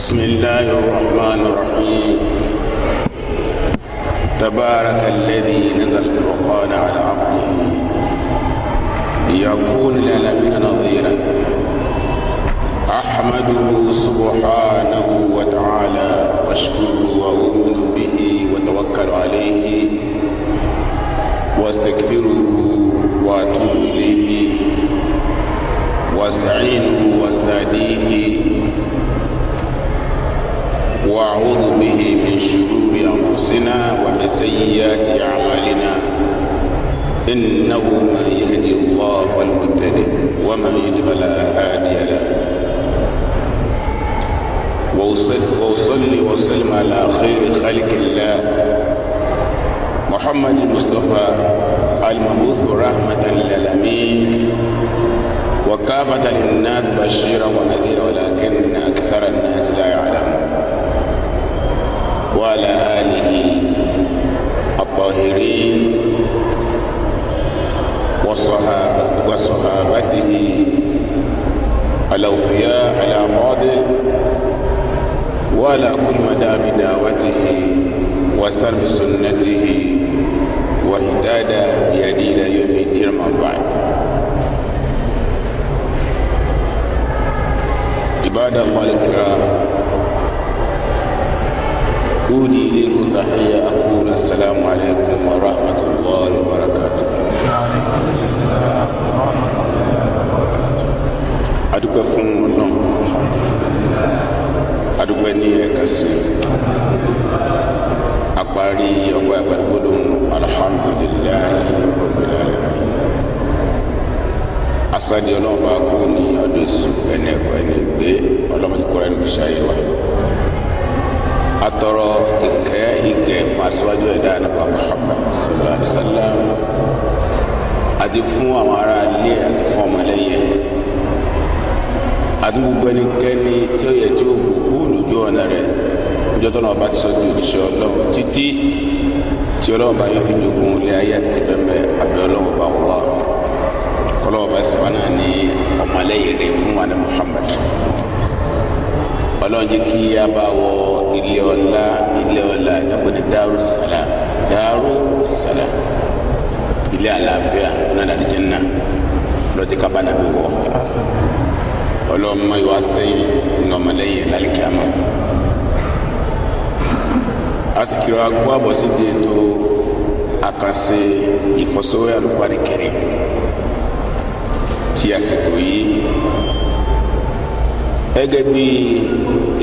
بسم الله الرحمن الرحيم تبارك الذي نزل القرآن على عبده ليكون للعالمين نظيرا احمده سبحانه وتعالى واشكره واؤمن به وتوكل عليه وأستكبره واتوب اليه واستعينه واستهديه وأعوذ به من شرور أنفسنا ومن سيئات أعمالنا إنه من يهدي الله المتدين ومن يهدي فلا هادي له وأصلي وسلم على خير خلق الله محمد المصطفى المبعوث رحمة للعالمين وكافة للناس بشيرا ونذيرا ولكن أكثر الناس لا يعلمون وعلى آله الطاهرين والصحابة وصحابته الأوفياء الأفاضل وعلى كل مدى بدعوته واستر بسنته وهداد بهدي إلى يوم الدين بعد عباد الله الكرام عودي إليكم تحية أقول السلام عليكم ورحمة الله وبركاته وعليكم السلام ورحمة الله وبركاته adúpẹ́ fún Ọlọ́run adúpẹ́ ní ẹ̀ka sí apari ọgbà ìgbàlódé alhamdulilayi rabbil alamin asadi Ọlọ́run bá kú ní ọdún ìsìn ẹni ẹ̀kọ́ ẹni ìgbé Ọlọ́run ti kọrọ ẹni wa atọrọ ìkẹ́ ìgẹ̀ fún aṣíwájú ẹ̀dá nípa Muhammad sallallahu alaihi wasallam àti fún àwọn ará ilé àti fún ọmọlẹ́yìn àti gbogbo ẹnikẹ́ni tí ó yẹ tí ó gbogbo olùjọ ọ̀nà rẹ̀ ọjọ́ tó náà bá ti sọ di òjíṣẹ́ ọlọ́run títí tí ọlọ́run bá yóò fi jogun ilé ayé àti bẹ́ẹ̀ bẹ́ẹ̀ àbí bá wọ́n lọ́rùn kọlọ́wọ́ bá sábà náà ní ọmọlẹ́yìn rẹ̀ fún wa Muhammad ọlọ́run jẹ́ kí a bá wọ ilé ọlá ilé ọlá ìyàgbọ́dẹ dárú sàlá dárú sàlá ilé àlàáfíà ọ̀nà àdàdì jẹ́nà lọ́jọ́ kábà nàbí wọ̀ ọlọ́mọ ìwà sẹ́yìn ní ọmọlẹ́yìn lálẹ́kẹ́ àmọ́ asikiri agbó abọ́sí di ètò àkànṣe ìfọ́sọ́wé alùpàdé kẹrin tí àsìkò yìí gẹ́gẹ́ bí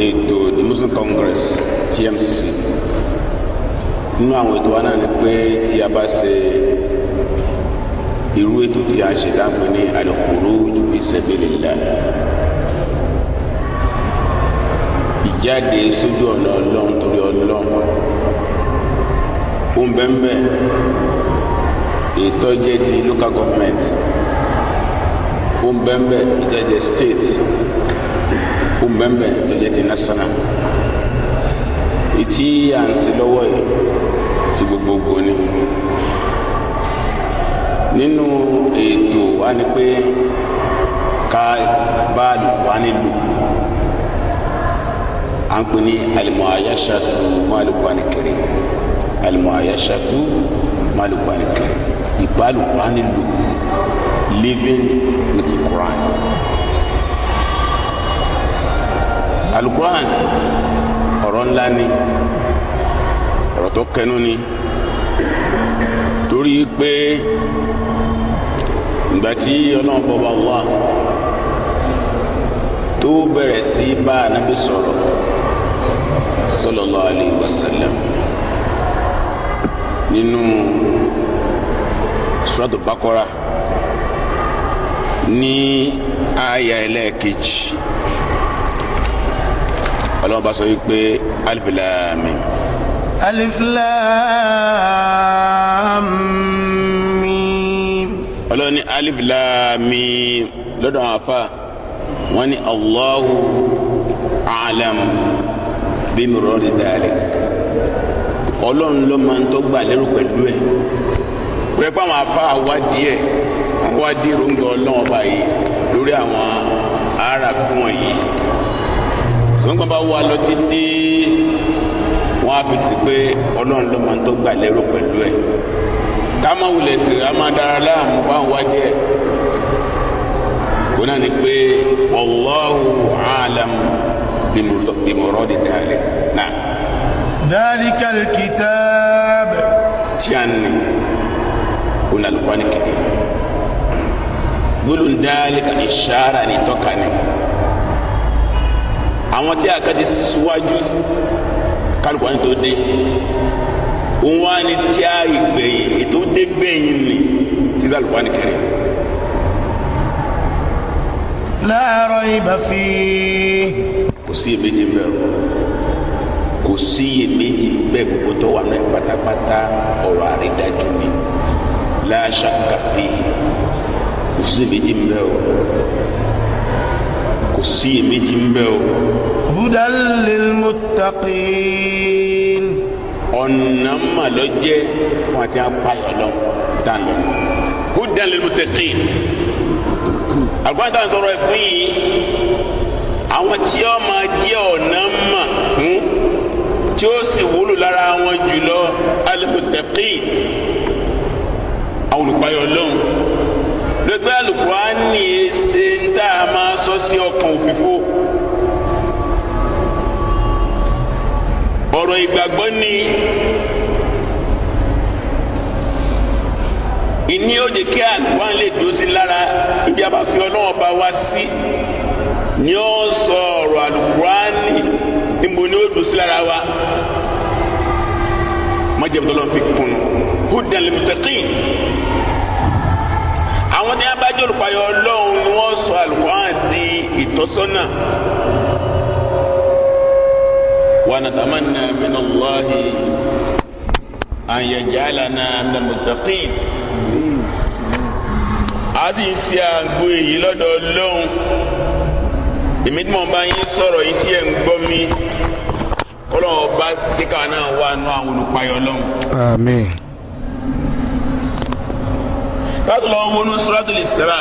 ètò the muslim congress tmc nínú àwọn ètò wa náà ni pé tí a bá ṣe irú ètò tí a ṣe dáàbò ní al-khuruj fi sabilillah ìjáde sójú ọ̀nà ọlọ́run torí ọlọ́run ó ń ìtọ́jẹ́ ti local government ó ń bẹ́ẹ̀ ìtọ́jẹ́ state ń bẹ́ẹ̀ tó jẹ́ ti nasana Iti à ń ṣe lọ́wọ́ yìí ti gbogbogbò ni nínú ètò wa ni pé ká alukwani lò à ń pè ní kiri alimuayasatu malukwani kiri ìbá alukwani lu living with the Quran. alukuran ọ̀rọ̀ ńlá ni ọ̀rọ̀ tó kẹnu ni torí pé ìgbà tí ọlọ́run bọba wà tó bẹ̀rẹ̀ sí bá anabi sọ̀rọ̀ sallallahu alaihi wasallam nínú suratul Baqara ní àyà ẹlẹ́ẹ̀kejì. ọlọ́run bá sọ wípé alif lam mim. alif lam mim. ọlọ́run ní alif lam mim lọ́dọ̀ àwọn afa wọ́n ní Allahu alam bimurodi dalik ọlọ́run ló máa ń tọ́gbà lérò pẹ̀lú ẹ̀ pé pé àwọn afa wá díẹ̀ wọ́n wá dí ọlọ́run ọba yìí lórí àwọn aráàfin wọ̀nyí ṣùgbọ́n gbọ́n bá wà lọ títí wọ́n á fi ti pé ọlọ́run ló máa ń tó gbà lérò pẹ̀lú ẹ̀ ká má wulẹ̀ sí i a máa dára láàmú bá ń wájú ẹ̀ òun náà ni pé wallahu alam bimurodi dalik náà. dalikal kitab. tí a ní náà lùkọ́ ni kìíní gbólóhùn dálíkà ìṣára ni tọ́ka ni àwọn tí a kàdé síwájú kálukú wọn tó dé òun wá a ìgbẹ̀yìn ètò dé gbẹ̀yìn ni tí sálùkù wọn kéré. la rayba fi. kò sí èméjì ń bẹ o kò sí èméjì ń gbogbo tó wà náà pátápátá ọ̀rọ̀ àrídájú ni la shakka fi kò sí èméjì ń o kò sí èméjì ń bẹ o. hudan lil muttaqin. ọ̀nà màlọ́jẹ́ fún àti apayọ̀ lọ dán lọ. hudan lil muttaqin. àgbọ̀n tá à ń sọ̀rọ̀ ẹ̀ fún yìí àwọn tí ó máa jẹ́ ọ̀nà mà fún tí ó sì wúlò lára wọn jùlọ al muttaqin àwọn olùpayọ̀ lọ́hùn lópẹ́ alukurani e ṣe ń tá a máa sọ sí ọkàn òfìfo ọ̀rọ̀ ìgbàgbọ́ ni ìní òde kí àlùwán lè dúró sí lára ibi àbáfi ọlọ́wọ́n bá wá sí ni ó sọ ọ̀rọ̀ àlùkurani níbo ni ó dùn sí lára wa májèmítọ́lọ́ fi kùn húdàlẹ́mítẹ́kìn àwọn ní abájọ́ olùpayọ̀ ọlọ́run ni wọ́n sọ àlùkòrán di ìtọ́sọ́nà. wa natamanna minallahi an yajalana minal muttaqin a sì ń ṣe àgbo èyí lọ́dọ̀ ọlọ́run èmi tí mo bá yín sọ̀rọ̀ yìí tí ẹ̀ ń gbọ́ mi kọ́lọ́ọ̀ bá kíkà náà wà nù àwọn olùpayọ̀ ọlọ́run. àmín láti lọ wọnú suratul Isra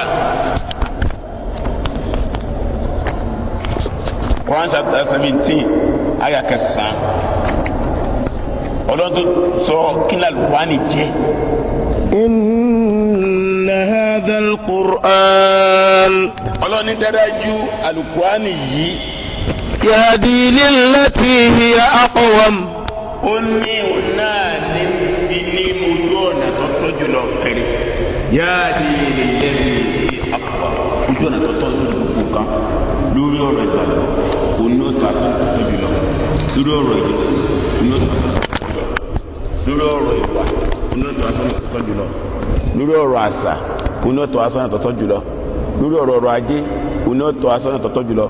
Quran chapter seventeen aya kẹsàn-án ọlọ́run tó sọ kí ni Al-Qur'ani jẹ́. إن هذا القرآن ọlọ́ni dájú yìí. yàdí lílẹ̀ tí ìyá àkọ́wọ́m. ó ní yáàdì lẹ́bi àpò ojú ọ̀nà tọ́tọ́ lórí gbogbo kan lórí ọ̀rọ̀ ìgbàgbọ́ kò ní ó ta sí tó tóbi lọ lórí ọ̀rọ̀ ìdẹ́sí kò ní ó ta sí tó tóbi lọ lórí ọ̀rọ̀ ìwà kò ní ó ta sí tó tóbi lọ lórí ọ̀rọ̀ àṣà kò ní ó ta sí tó tóbi lọ lórí ọ̀rọ̀ ọrọ̀ ajé kò ní ó ta sí tó tóbi lọ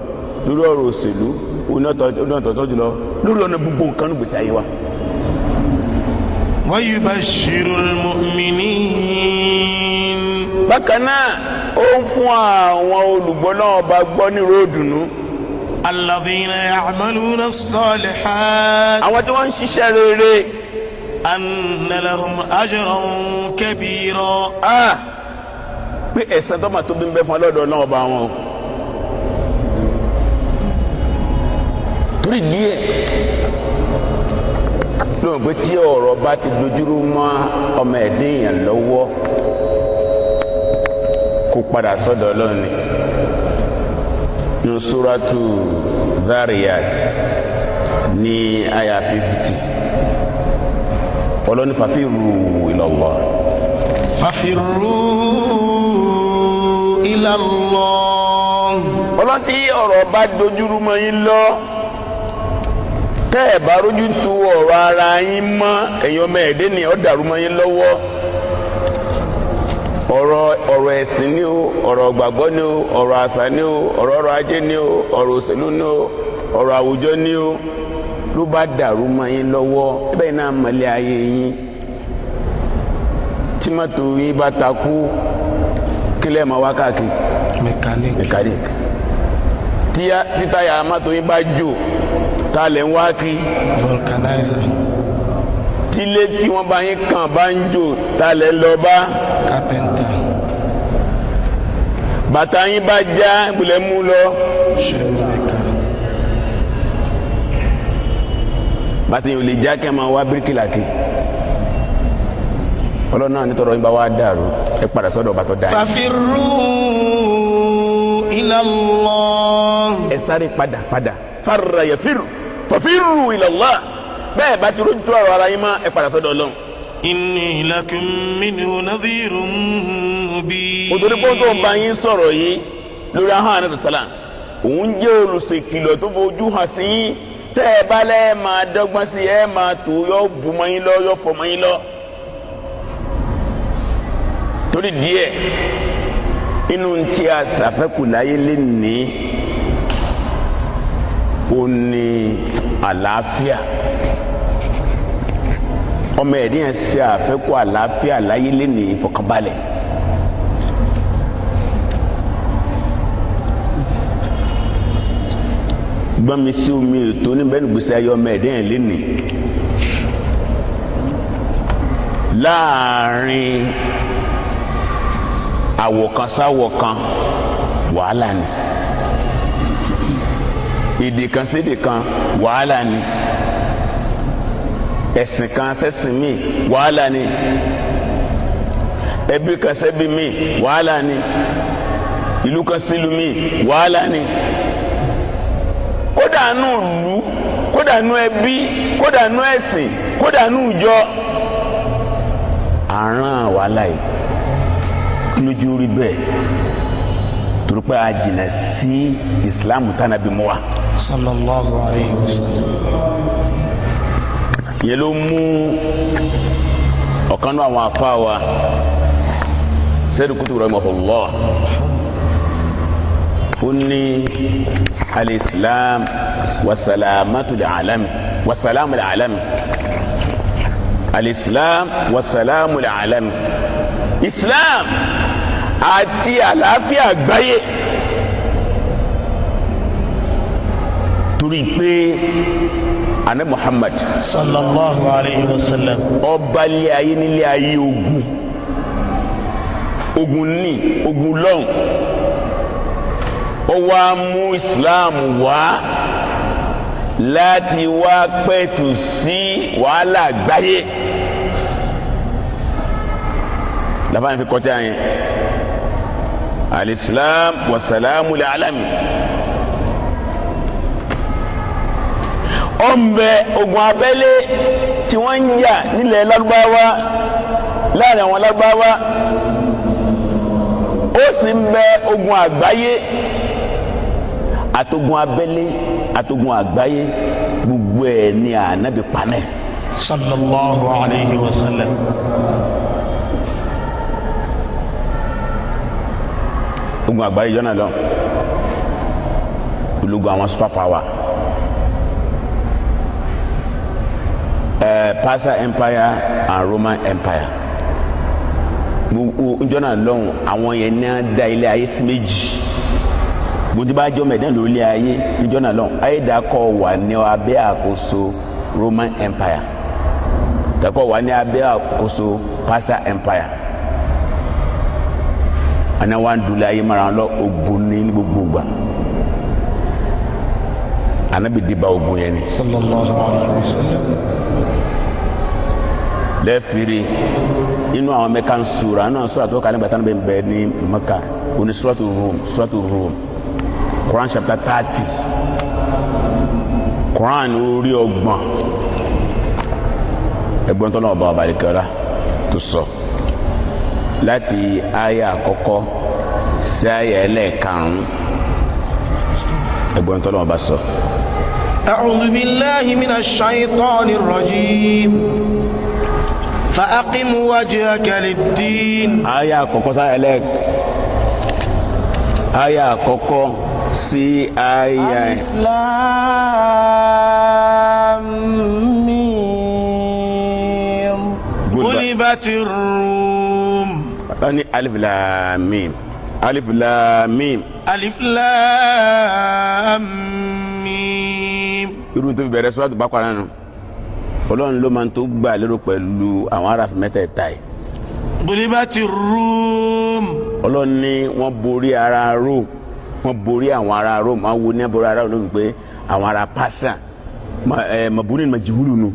lórí ọ̀rọ̀ òṣèlú onítọ̀tọ̀ jùlọ lórí ọ̀nà gbogbo nǹkan ní gbèsè ayé wa. wa yubashshirul mu'minin bákan náà ó ń fún àwọn olùgbọ́ náà ọba gbọ́ ní ròdùnú. alladhina ya'maluna as-salihat. àwọn tí wọ́n ń ṣiṣẹ́ rere. anna lahum ajran kabira. pé ẹ̀san tó mà tóbi ń bẹ fún ọlọ́dọ̀ náà ọba wọn. torí díẹ̀ lóun tí ọ̀rọ̀ bá ti dojúrú mọ́ ọmọ ẹ̀dínyàn lọ́wọ́ kó padà sọ́dọ̀ ọlọ́run ni nínú suratu Dhariyat ní àyà fífitì ọlọ́ni fàfírù ilallah. fàfírù ilallah. ọlọ́tí ọ̀rọ̀ bá dojúrú mọ́ yín lọ tẹ́ bá rójú tu ọ̀rọ̀ ara yín mọ́ èèyàn mẹ́ẹ̀ẹ́dẹ́ni ọ̀dàrú mọ́ yín lọ́wọ́ ọ̀rọ̀ ọ̀rọ̀ ẹ̀sìn ni o ọ̀rọ̀ gbàgbọ́ ni o ọ̀rọ̀ àṣà ni o ọ̀rọ̀ ọrọ̀ ajé ni o ọ̀rọ̀ òṣèlú ni o ọ̀rọ̀ àwùjọ ni o ló bá dàrú mọ́ yín lọ́wọ́ bẹ́ẹ̀ náà mọ̀lẹ́ ayé yín tímọ́tò yín bá takú kílẹ̀ mọ́ wákàkì mẹkáníkì títáyà mọ́tò yín bá jò tá a lè ń wá kí vulcanizer tílé tí wọ́n bá yín kàn bá ń jò tá a lè lọ bá carpenter bàtà yín bá já ìbùlẹ̀ mú lọ. bàtà yín ò lè já kẹ́ máa wá bíríkìlà kí ọlọ́run náà nítorí ọ̀yìn bá wá dàrú ẹ padà sọ́dọ̀ ọba tó fàfirú ila Allah. ẹ sáré padà padà fàrà fàfirú ila Allah bẹ́ẹ̀ bá ti rojú ọ̀rọ̀ ara yín mọ́ ẹ padà sọ́dọ̀ ọlọ́run inni lakum minhu nadhirun mubin. òtòrí pọ́ńtò ń bá yín sọ̀rọ̀ yìí lórí ahọ́n àná sàlá òun jẹ́ olùṣèkìlọ̀ tó fojú hàn sí yín tẹ́ ẹ bá lẹ́ máa dọ́gbọ́n sí ẹ máa tó yọ bùmọ́ yín lọ yọ fọmọ́ yín lọ. torí díẹ̀ inú tí a ṣàfẹ́kù láyé ó ní àlàáfíà ọmọ ẹ̀dín yẹn ṣe àfẹ́kù àlàáfíà láyé lẹ́nu ìfọkànbalẹ̀. gbọ́nmi sí omi ètò oníbẹ̀rù gbèsè ayé ọmọ ẹ̀dín yẹn lẹ́nu láàrin àwọ̀kan sáwọ̀kan wàhálà ni èdè kan sédè kan wàhálà ni ẹ̀sìn kan sẹ́sìn míì wàhálà ni ẹbí kan sẹ́bí míì wàhálà ni ìlú kan sílùú míì wàhálà ni kódà nù lù kódà nù ẹbí kódà nù ẹ̀sìn kódà nù ìjọ àrán wàhálà yìí lójú rí bẹ́ẹ̀ torípé a jìnnà sí ìsìlámù tánàbí mu wa. sallallahu alayhi wa sallam yẹn ló mú ọ̀kan náà àwọn afa wa sẹ́dù kùtù rahimahullah ó ní alìsílám wasalaamatul alami wasalaamul alami alìsílám wasalaamul alami islam àti àlàáfíà àgbáyé. torí pé ana muhammad. sallallahu alayhi wa sallam. ọba ilé ayé nílé ayé ogun ogun ní ogun lọ́n ó wá mú islam wá láti wá pẹ̀tù sí wàhálà gbáyé lafaani fi kọjá yẹn alislam wasalamu alalami. Al ọ̀nbẹ ogun abẹ́lé tí wọ́n ń jà nílẹ̀ lárúbáwá láàrin àwọn lárúbáwá ó sì ń bẹ ogun àgbáyé àtogun abẹ́lé àtogun àgbáyé gbogbo ẹ̀ ní ànábì panẹ́. sallallahu alayhi wa sallam. ogun àgbáyé jọ́nà lọ ológun àwọn super power. uh, eh, Persia Empire and Roman Empire gbogbo njọ́nà lọ́hùn àwọn yẹn ní da ilé ayé sí méjì gbogbo bá jọ mẹ́ẹ̀dán ló lé ayé njọ́nà lọ́hùn ayédàkọ̀ wà ní abẹ́ àkóso Roman Empire dàkọ̀ wà ní abẹ́ àkóso Empire àná wà ń dulẹ̀ ayé mara lọ ogun ní gbogbo gbà ogun yẹn ni. sallallahu alayhi wa sallam. lẹ́ẹ̀fìrí inú àwọn mẹ́ka ń sura inú àwọn sura tó kà nígbà tánú bẹ́ẹ̀ bẹ́ẹ̀ ní mẹ́ka oní suratu rum suratu rum Quran chapter thirty Quran orí ọgbọ̀n ẹgbọ́n tó náà ọba ọba àdìkẹ́ọ́lá tó sọ láti àyà àkọ́kọ́ sí àyà ẹlẹ́ẹ̀karùn-ún ẹgbọ́n tó náà ọba sọ. أعوذ بالله من الشيطان الرجيم fa aqimu wajhaka lid-din. àyà àkọ́kọ́ sáyà lẹ́ẹ̀k àyà àkọ́kọ́ sí àyà. alif lam mim. gulibati rum. wọ́n ní alif lam mim alif lam mim. alif lam mim. irú ọlọ́run ló máa ń tó gbà lérò pẹ̀lú àwọn aráàf mẹ́tẹ̀ẹ̀ta yìí. gulibati Rum. ọlọ́run ní wọ́n borí ara Rom wọ́n borí àwọn ará Rom wọ́n wo ní aborí ara Rom pé àwọn ará pásà mabuni majihulu nu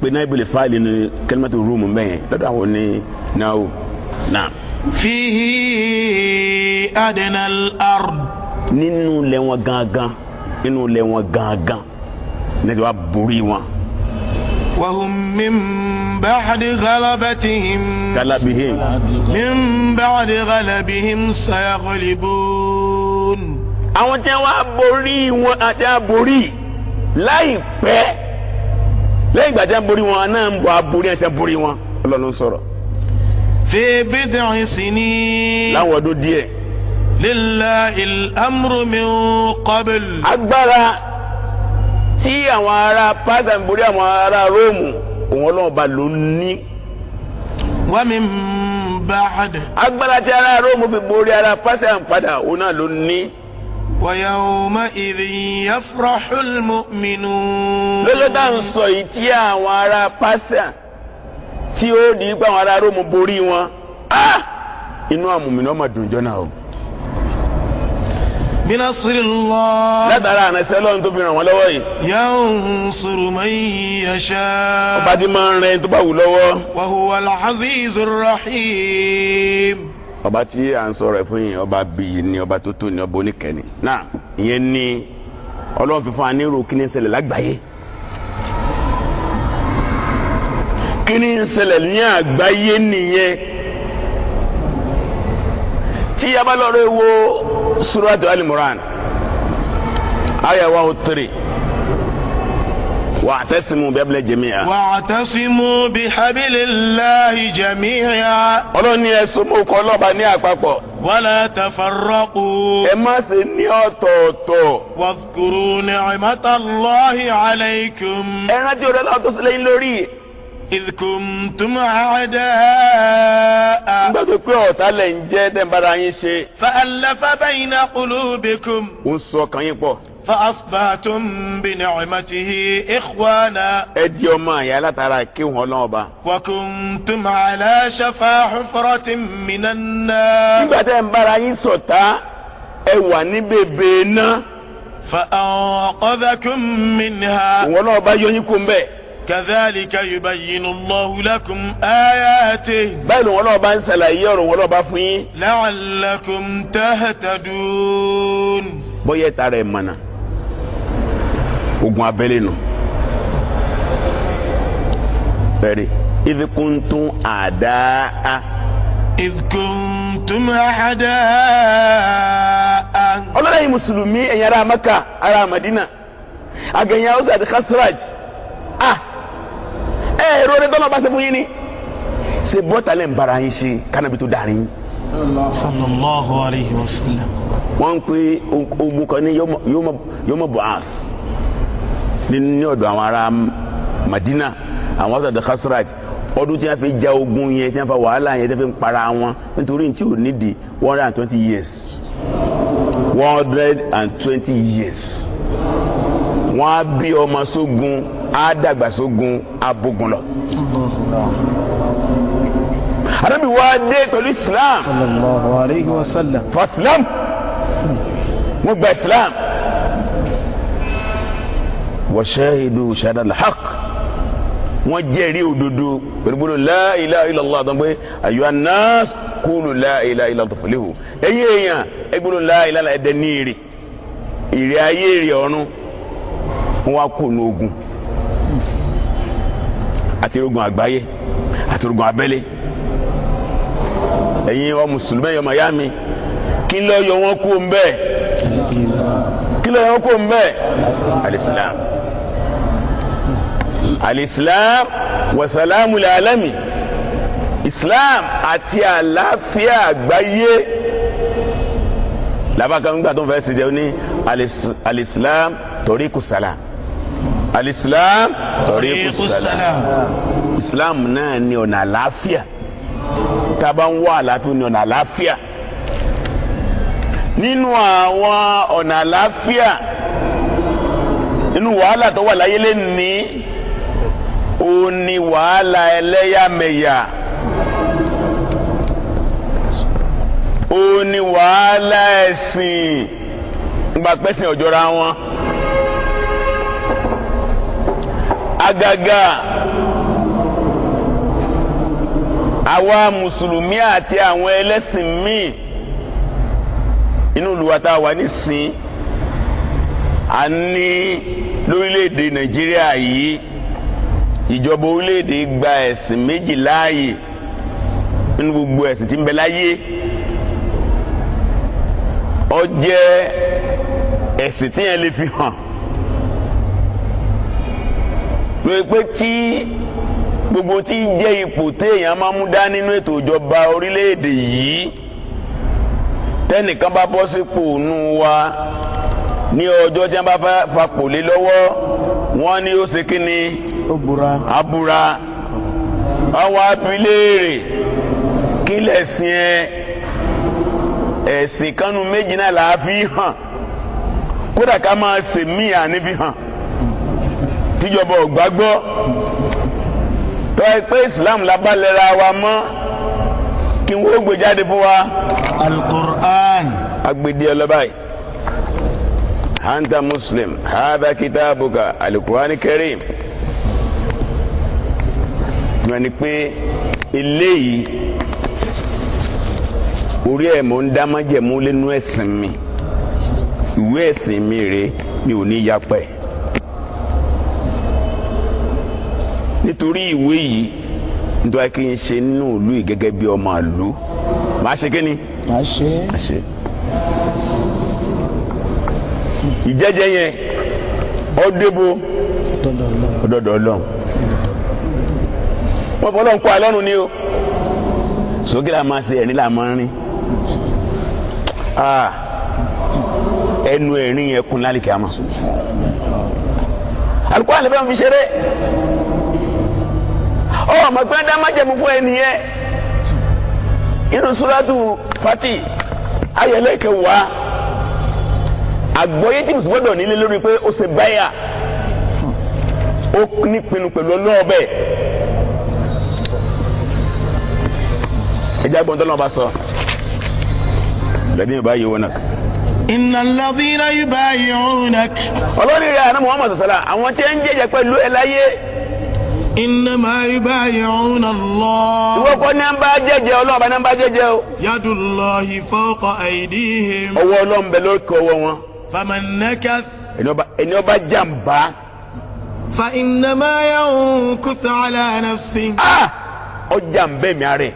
pé náà ibùdó fáìlì ní kẹlẹ́mẹ́tò Rom bẹ́yẹn lọ́dọ̀ àwọn ní náà o fihi adana ard nínú lẹ́wọ̀n gangan nínú lẹ́wọ̀n gangan ní ti wá borí wọn. وهم من بعد غلبتهم غلبهم من بعد غلبهم سيغلبون àwọn tí wọ́n borí wọn àti aborí láìpẹ́ lẹ́yìn ìgbà tí wọ́n borí wọn náà ń bọ aborí àti aborí wọn Ọlọ́run sọ̀rọ̀. fi bid'i sinin. láwọn ọdún díẹ̀. lillahi al-amru min agbára tí àwọn ará pàṣẹ ń borí àwọn ará róòmù òun ọlọ́run ló ní. wọ́n mi bá a dẹ̀. agbára tí ará róòmù fi borí ará pàṣẹ padà òun náà ló ní. ويومئذ يفرح المؤمنون. lọ́jọ́ tá à ń sọ yìí tí àwọn ará di àwọn ará róòmù borí wọn inú o. binasrillah. látara àrẹsẹ lọ́run tó fi ràn wọ́n lọ́wọ́ yìí. yansuru man yasha. ọba tí máa ń rẹ tó bá wù lọ́wọ́. wa huwa al-azizur rahim. ọba tí à ń sọ̀rọ̀ ẹ̀ fún yìí ọba bíyì ni ọba tó tó ni ọba oníkẹ́ni. náà ìyẹn ni ọlọ́run fi fún wa ní irú kí ni ń ṣẹlẹ̀ lágbàáyé. kí ni ń ṣẹlẹ̀ ní àgbáyé nìyẹn tí a bá lọ́rọ̀ ẹ wo suratu alimuran aya one oh three. واعتصموا بحبل جميعا واعتصموا بحبل الله جميعا ọlọ́run ní ẹ so mọ́ okùn ọlọ́ba ní àpapọ̀. wala tafarraqu. ẹ má ṣe ní ọ̀tọ̀ọ̀tọ̀. wadhkuru ni'matallahi alaykum. ẹ rántí ọ̀rẹ́ lọ́wọ́ tó sílẹ̀ yín lórí. إذ كنتم أعداء nígbà tó pé ọ̀tá lẹ̀ ń jẹ́ tẹ̀ ń bára yín ṣe. فألف بين قلوبكم. ó ń sọ ọkàn yín pọ̀. فأصبحتم بنعمته إخوانا. ẹ di ọmọ àyà látara kéwọn Ọlọ́run ọba. وكنتم على شفا حفرة من النار. nígbà tẹ̀ ń bára yín ẹ wà ní bèbè náà. فأنقذكم منها. òun Ọlọ́run ọba yọ yín kó ń kàdálíkà yorùbá yinú lọ́hùn lakum ayáàtì. báyìí ni wọn náà bá ń ṣàlàyé ọ̀rọ̀ wọn náà bá fún yín. la'allakum tahtadun. bóyá ìta rẹ̀ mọ̀nà ogun abẹ́lé nù. bẹ́ẹ̀ni idikuntun àdáa. idikuntun àdáa. ọlọ́dẹ̀yìn mùsùlùmí ẹ̀yin ará Maka ará Madina agẹ̀yìn haúsá àti khasraj. ah ẹ ẹ rọrẹ tọ́lọ́ bá Se fún yín ni ṣe bọ́tà ń bara yín ṣe kánábì tó dára sallallahu alayhi wa sallam. wọ́n ń pè ogun kan ní yọmọ buhaf ní ọ̀dọ̀ àwọn ará Madina àwọn ọ̀sán khasraj ọdún tí wọ́n fi ja ogun yẹn tí wọ́n fa wàhálà yẹn tí wọ́n fi para wọn nítorí tí ò nídìí one hundred and twenty years one hundred and twenty years wọn á bí ọmọ sógun á dàgbà sógun á bógun lọ. Ànábì wa dé pẹ̀lú Islam. sallallahu alayhi wa sallam. fa Islam mo gba Islam. wa shahidu shahada al-haq wọ́n jẹ́rìí òdodo pẹ̀lú gbọ́dọ̀ la ilaha illallah àtàn pé ayyuha an-nas qulu la ilaha illallah tuflihu èèyàn ẹ gbọ́dọ̀ la ní ìrì ìrì ayé ìrì ọ̀run wọ́n wá kó nu ogun àti ogun àgbáyé àti ogun abẹ́lé ẹ̀yin ọmọ mùsùlùmí ẹ̀yin ọmọ ìyá mi kí ló yọ wọ́n kú ń bẹ́ẹ̀ kí ló yọ wọ́n kú ń bẹ́ẹ̀ alisilam alisilam wasalamu alami islam àti àlàáfíà àgbáyé làbàkàn gbà tó ń ní alisilam torí kùsàlà alislam tariqus islam náà ni ọ̀nà àlàáfíà tábà ń wá àlàáfíà ni ọ̀nà àlàáfíà nínú àwọn ọ̀nà àlàáfíà nínú wàhálà tó wà láyé lẹ́ni ó ní wàhálà ẹlẹ́yàmẹ̀yà ó ní wàhálà ẹ̀sìn ìgbà ọ̀jọ̀ra wọn. Agaga, àwa mùsùlùmí àti àwọn ẹlẹ́sìn míì inú ìlúwa tá a wà nísìn a ní lórílẹ̀‐èdè nàìjíríà yìí ìjọba orílẹ̀‐èdè gba ẹ̀sìn méjì láàyè nínú gbogbo ẹ̀sìn tí ń bẹ láyé ó jẹ́ ẹ̀sìn tí yẹn lè fi hàn lóye pé tí gbogbo tí ń jẹ́ ipò téèyàn máa mú dá nínú ètò ìjọba orílẹ̀-èdè yìí tẹ́nìkan bá bọ́ sípò nù wa ní ọjọ́ tí wọ́n bá fapò lé lọ́wọ́ wọ́n ní ó ṣe kí ni abura àwọn abiléèrè kí lẹ̀sìn ẹ ẹ̀sìn kanu méjì náà làá fi hàn kódà ká máa ṣèmíyàn níbi hàn tíjọba ọ̀gbá gbọ́ tọ́ ẹ pé Islam lábàlẹ́ra wa mọ́ kí n ó gbé jáde fún wa. Al-Qur'an. agbèdè ọlọ́ba yìí hanta muslim hadha kitabuka Al-Qur'an Karim wọn ni pé eléyìí orí ẹ̀ mọ̀ ń dá májẹ̀mú lẹ́nu ẹ̀sìn mi ìwé ẹ̀sìn mi rèé mi ò ní yapa ẹ̀. nítorí ìwé yìí nítorí kí n ṣe nínú ìlú yìí gẹ́gẹ́ bí ọmọ ìlú màá ṣe kí ni. màá ṣe. màá ṣe. ìjẹ́jẹ́ yẹn ọdẹ́bo ọdọọdọ Ọlọ́run wọn fọlọ́ ń kọ́ alọ́run ni o sókè la máa ṣe ẹ̀rín la máa ń rìn ah, ẹnu ẹ̀rín yẹn kún lálẹ́ kí a mọ̀ alukó àlẹ́ bẹ́ẹ̀ fi ṣeré. Oh, ọmọ pé dá májẹ̀mú fún ẹ nìyẹn irú suratu fati ayẹlẹ kẹwàá àgbọ́yé tí mùsùlùmí gbọ́dọ̀ nílé lórí pé ó ṣe báyà ó nípinnu pẹ̀lú ọlọ́ọ̀bẹ. ẹja gbọ́n tọ́lọ́ bá sọ. lẹ́dí ìbá yìí wọnà. innal ladhina yubayi'unak. olórí rẹ̀ àná Muhammad sallallahu àwọn tí ń jẹ́jẹ́ pẹ̀lú ẹ̀ láyé innama yubayi'una Allah. ìwọ kọ́ ní an bá jẹ́jẹ́ ọlọ́run bá ní an bá jẹ́jẹ́ o. yadullahi fawqa aydihim. ọwọ́ ọlọ́run bẹ lórí kọ́ ọwọ́ wọn. faman nakath. ẹni ọba jàǹbá. fa innama yankuthu ala nafsi. ọjà ń bẹ̀ mi arẹ̀.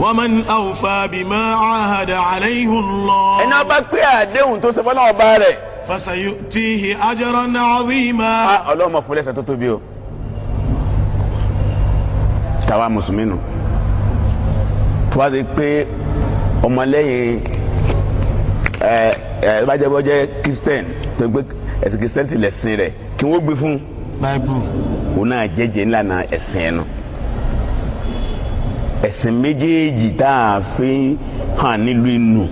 waman awfa bima ahada alayhi Allah. ẹni ọba pé àdéhùn tó ṣe fọlọ́wọ́ bá rẹ̀. fasayutihi ajran azima. ọlọ́run ma fún lẹ́sẹ̀ tó tóbi o tàwa mùsùlùmí nù tó bá ti pé ọmọlẹ́yìn ẹ ẹ bá jẹ́ bọ́ jẹ́ christian tó gbé ẹ̀sìn christian ti lẹ̀sìn rẹ̀ kí wọ́n gbé fún. bible. òun náà jẹ́jẹ́ ńlànà ẹ̀sìn ẹ̀ nù ẹ̀sìn méjèèjì tá a fi hàn nílùú inú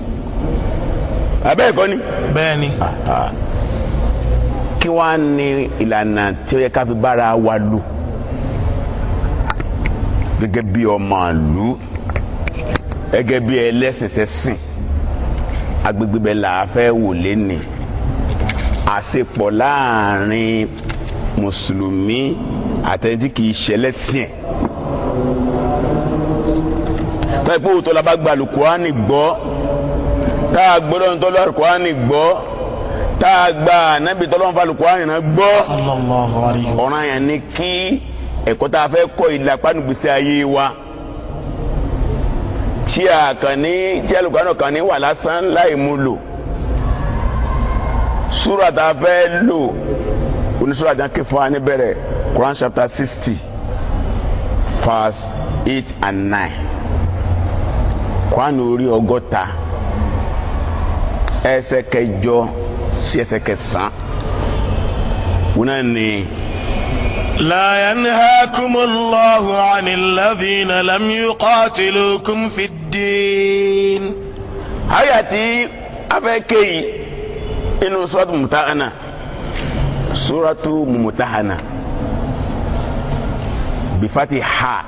abẹ́ẹ̀ kọ́ ni. bẹ́ẹ̀ kí wàá ní ìlànà tí ó yẹ ká fi bára wa lò gẹ́gẹ́ bí ọmọ àlú gẹ́gẹ́ bí ẹlẹ́sìnsẹ́sìn agbègbè bẹ́ẹ̀ là á fẹ́ wò lẹ́nì àṣepọ̀ láàrin mùsùlùmí àtẹnjí kì í ṣẹlẹ́sìn ẹ̀ tọ́pẹ́ òótọ́ la bá gba alukurani gbọ́ tá a gbọ́dọ̀ ń tọ́lọ́ alukurani gbọ́ tá a gba anabi tọ́lọ́ ń fa alukurani náà gbọ́ ọ̀ràn yẹn ni kí ẹ̀kọ́ tá a fẹ́ kọ́ ìlàpánugbèsè ayé wa tí a kàn ní tí alùpàdàn kàn ní wà lásán láì mú lò súrà tá a fẹ́ lò onísúrà jẹ́ kí fún wa níbẹ̀rẹ̀ Quran chapter sixty verse eight and nine Quran orí ọgọ́ta ẹsẹ̀ kẹjọ sí ẹsẹ̀ kẹsàn-án wọn náà ní. لا ينهاكم الله عن الذين لم يقاتلوكم في الدين آياتي أفكي إنه سورة ممتحنة سورة ممتحنة بفتح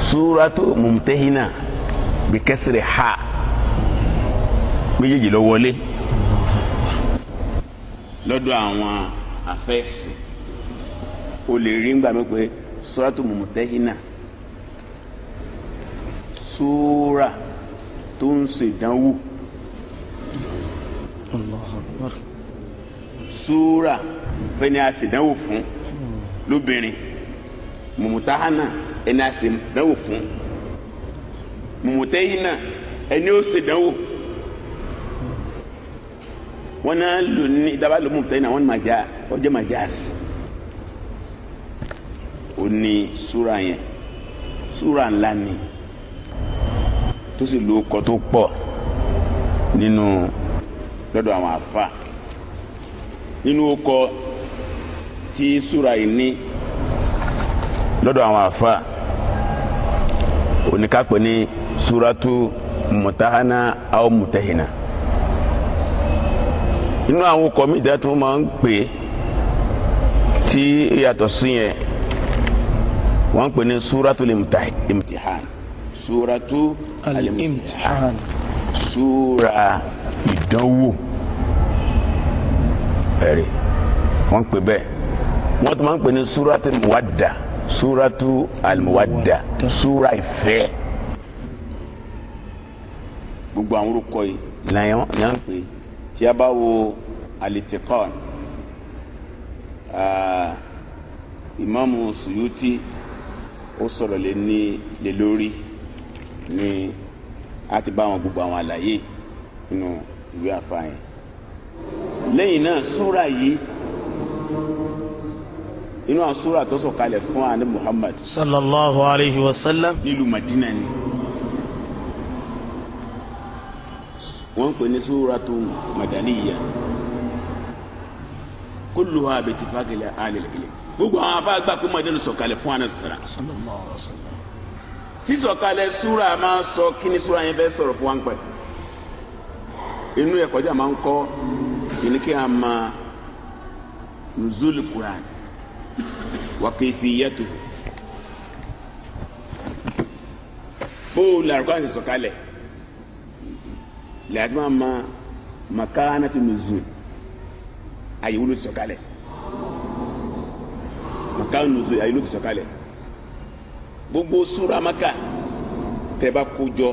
سورة ممتهنة بكسر حاء. méjèèjì ló wọlé lọ́dọ̀ àwọn àfẹ́sì o lè rí ngbà mi pé sọ́ràtù mùmùtẹ́hínà sóòrà tó ń ṣèdánwò sóòrà fẹ́ni a ṣèdánwò fún lóbìnrin mùmùtẹ́hánà ẹni a ṣèdánwò fún mùmùtẹ́hínà ẹni ó ṣèdánwò wọn náà lò ní ìdábàá lò mọ̀tẹ́ náà wọn màjá ọjọ́ màjás ó ní súra yẹn súra ńlá ni tó sì lu ọkọ̀ tó pọ̀ nínú lọ́dọ̀ àwọn àfa nínú ọkọ̀ tí súra yìí ní lọ́dọ̀ àwọn àfa oníkàpẹ́ ní súratu mutahana aw mutahina inú àwọn kọ̀mítà tó máa ń pè tí yàtọ̀ sí yẹn wọ́n ń pè ní suratul imtihan suratu alimtihan sura ìdánwò ẹ̀rí wọ́n ń pè bẹ́ẹ̀ wọ́n tún máa ń pè ní suratul muwadda suratu alimuwadda sura ìfẹ́ gbogbo àwọn orúkọ yìí làyàn ń pè é tí a bá wo alitikan ìmáàmù ah, Suyuti ó sọ̀rọ̀ lé ní lé lórí ní a ti bá wọn gbogbo àwọn àlàyé nínú ìwé àfààyàn lẹ́yìn náà súrà yìí inú àwọn súrà tó sọ̀kalẹ̀ fún àní Muhammad. sallallahu alayhi wa sallam. nílùú Madina ni. wọ́n ń pè ní suratu madaniya kulluha bi ittifaqi alil ilm gbogbo àwọn afa gbà pé Madina sọ̀kalẹ̀ fún àná sọsara sísọ̀kalẹ̀ súra máa sọ kíni súra yẹn fẹ́ sọ̀rọ̀ fún wa pẹ inú ẹ kọjá máa ń kọ kíni kí a máa nuzul Qur'an wa kayfiyatuhu bó o làrúkọ àti sọ̀kalẹ̀ lẹ́yìn ma makana tó mi zu ayé wolo sọ̀kalẹ̀ makana tó zu ayé wolo sọ̀kalẹ̀ gbogbo sura maka tẹ́ bá kó jọ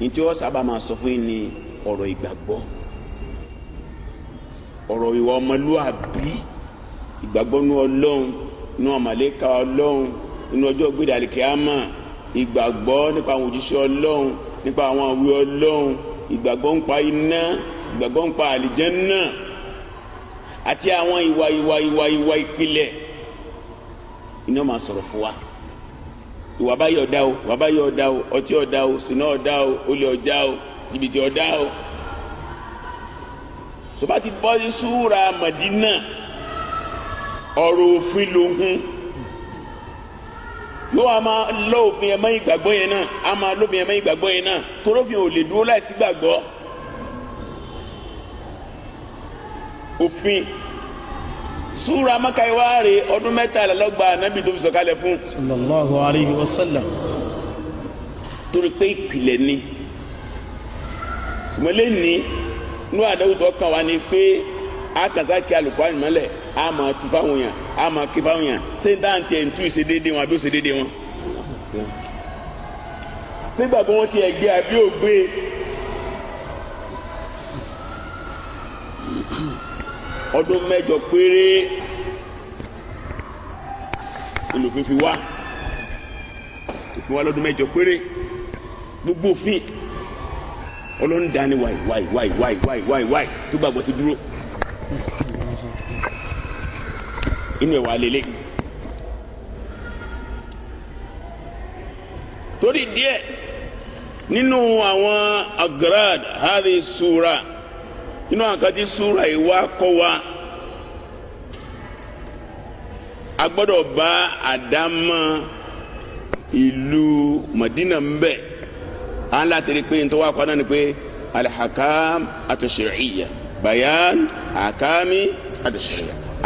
ntí wọ́n sábà máa sọ fún yín ní ọ̀rọ̀ ìgbàgbọ́ ọ̀rọ̀ ìwà ọmọlúwàbí ìgbàgbọ́ nú ọlọ́run nú ọmọlẹ́ka ọlọ́run nínú ọjọ́ gbéra àlìkẹ́ àmà ìgbàgbọ́ nípa àwọn òjíṣẹ́ ọlọ́run nípa àwọn àwí ọlọ́run ìgbàgbọ́ ń pa iná ìgbàgbọ́ ń pa àlìjẹ́nnà àti àwọn ìwà ìwà ìwà ìwà ìpìlẹ̀ iná máa sọ̀rọ̀ fún wa ìwà báyìí ọ̀dá o ìwà báyìí ọ̀dá o ọtí ọ̀dá o sìnà ọ̀dá o olè ọ̀dá o jìbìtì ọ̀dá o sọba ti bọ́ sí súra Màdínà ọ̀rọ̀ òfin lòhun yóò wá máa lọ òfin ẹ̀mọ́ ìgbàgbọ́ yẹn náà a máa lófin ẹ̀mọ́ ìgbàgbọ́ yẹn náà torófin ò lè dúró láìsí gbàgbọ́ òfin súra mọ́kàíwá rè ọdún mẹ́tàlá lọ́gba ànábì tó fi sọ̀kalẹ̀ fún. sallallahu alayhi wa sallam. torí pé ìpìlẹ̀ ni sùmọ́lé ní inú àdáwùtọ́ kan wá ni pé a kàn sá kí alùpùpù àyùmọ́lẹ̀ a máa tu fáwọn yàn a máa ké fáwọn yàn ṣé dáǹtì ẹ̀ ń tú ṣe déédéé wọn àbí ó ṣe déédéé wọn. sígbà tí wọ́n ti ẹ̀ gbé àbí ò gbé ọdún mẹ́jọ péré olùfin fi wá òfin wa lọ́dún mẹ́jọ péré gbogbo òfin ọlọ́run dání wáì wáì wáì wáì wáì wáì tó gbàgbọ́ ti dúró inú ẹ̀ wà lélẹ̀. torí díẹ̀ nínú àwọn agrad hadi sura nínú àkàtí sura ìwà kọ́ wa a gbọ́dọ̀ bá àdámọ́ ìlú Madina ń bẹ à ń láti pé ntọ́ wa kọ́ ni pé alihakam àti bayan hakami àti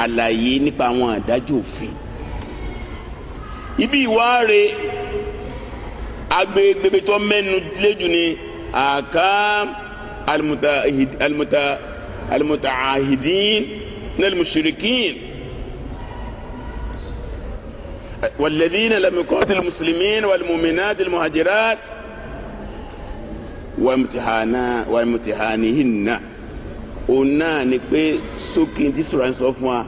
àlàyé nípa àwọn àdájọ́ òfin ibi ìwáre agbègbè tó mẹ́nu léjù ni àkàm alimuta alimuta alimuta ahidin nalimushirikin والذين لم يقاتلوا المسلمين والمؤمنات المهاجرات وامتحانا وامتحانهن òun náà ni pé sókè tí sọ̀rọ̀ ń sọ fún wa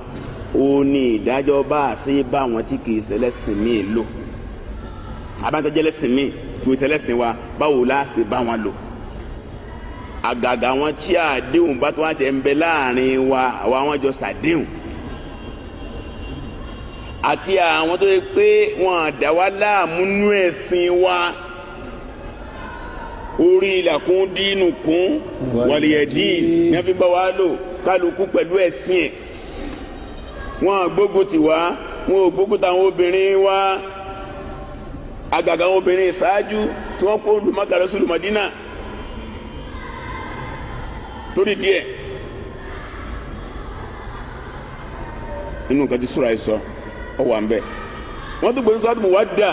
òun ni ìdájọ́ bá a ṣe bá àwọn tí kì í ṣẹlẹ́sìn míì lò abáńtẹ́jẹ́lẹ́sìn míì kì í ṣẹlẹ́sìn wa báwo la ṣe bá wọn lò àgàgà wọn tí àdéhùn bá tó wá tẹ̀ ń bẹ láàrin wa àwa wọn jọ ṣàdéhùn àti àwọn tó yẹ pé wọn àdá wa ẹ̀sìn wa orí ìlàkùn dínú kún wàlìyẹ̀dì ní wọ́n fi bá wa lò kálukú pẹ̀lú ẹ̀sìn ẹ̀ wọ́n gbógun ti wá wọn ò gbógun táwọn obìnrin wá àgàgà àwọn obìnrin ṣáájú tí wọ́n kó lùmọ́gàdọ́ sí lùmọ́dínà torí díẹ̀ nínú nǹkan tí sùrà yìí sọ ọ wà ń bẹ wọ́n tó gbé ń sọ àdùnmọ̀ dà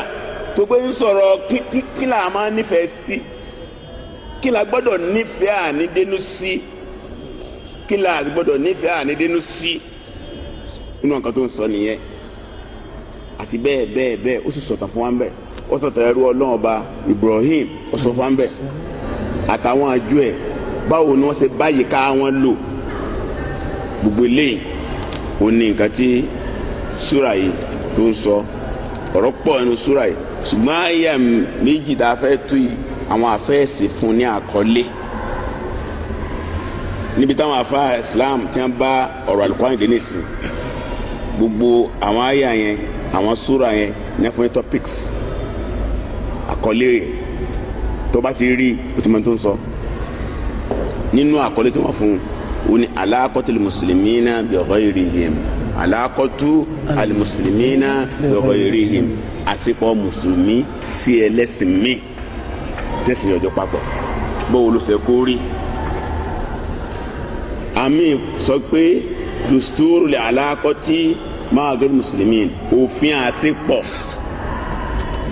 tó gbé ń sọ̀rọ̀ kí kí làá máa nífẹ̀ẹ́ sí. Si kí la gbọ́dọ̀ nífẹ̀ẹ́ ànídénú sí kí la gbọ́dọ̀ nífẹ̀ẹ́ ànídénú sí inú nǹkan tó ń sọ nìyẹn àti bẹ́ẹ̀ bẹ́ẹ̀ bẹ́ẹ̀ ó sì sọ̀tàn fún wa ń bẹ̀ ó sọ̀tàn ẹrú ọlọ́run ọba Ibrahim ó sọ fún wa ń bẹ̀ àtàwọn àjọ ẹ̀ báwo ni wọ́n ṣe báyìí ká wọn lò gbogbo eléyìí ó ní nǹkan tí súrà yìí tó ń sọ ọ̀rọ̀ pọ̀ nínú súrà yìí ṣùgbọ́n àyà méjì tá a fẹ́ tú yìí àwọn àfẹ́ẹ̀sì fún ní àkọlé níbi táwọn afa Islam tí wọ́n bá ọ̀rọ̀ àlùkòrán ìdè nìsín gbogbo àwọn àyà yẹn àwọn súra yẹn ní wọ́n fún ní topics àkọlé rẹ̀ tó bá ti rí òtúmọ̀ tó ń sọ nínú àkọlé tí wọ́n fún un òun ni aláàkọ́tù muslimina bi ghayrihim aláàkọ́tù alimuslimina bi ghayrihim àsìkò mùsùlùmí sí ẹlẹ́sìn míì tẹ̀sìn ọjọ́ papọ̀ bọ́wọ́ ló ṣe kó rí àmì sọ pé dùstúrù lè alákọ̀tì máa gẹ́gẹ́ mùsùlùmí òfin àṣepọ̀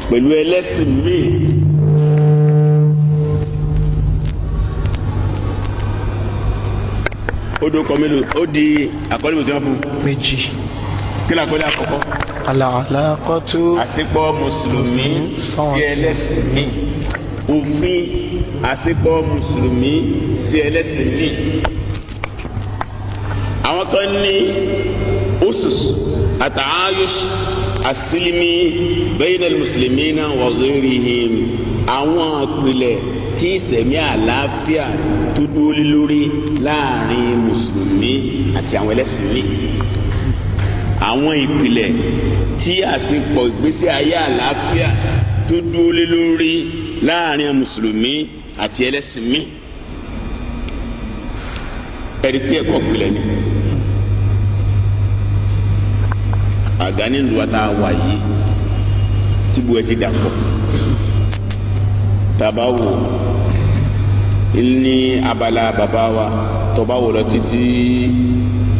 pẹ̀lú ẹlẹ́sìn míì. ó dó kọ mélòó ó di àkọlé mùsùlùmí fún. méjì. kí ni àkọlé àkọ́kọ́. àlàkọ́tù. àṣepọ̀ mùsùlùmí sí ẹlẹ́sìn míì òfin àṣepọ̀ mùsùlùmí sí ẹlẹ́sìn ní. àwọn kan ní usus àtàáyùs àsìlímì bẹ́yìnà mùsùlùmí náà wà ghairihim àwọn àpilẹ̀ tí ìsẹ̀mí àlàáfíà tó dúró lórí láàrin mùsùlùmí àti àwọn ẹlẹ́sìn ní àwọn ìpìlẹ̀ tí àṣepọ̀ ìgbésí ayé àlàáfíà tó dúró lé lórí láàrin mùsùlùmí àti ẹlẹ́sìn mi ẹ̀rí pé ẹ̀kọ́ pilẹ̀ ni àga nílùú wa tá a wà yìí tí bu ẹ dà pọ̀ tá a ní abala bàbá wa tó bá wò lọ títí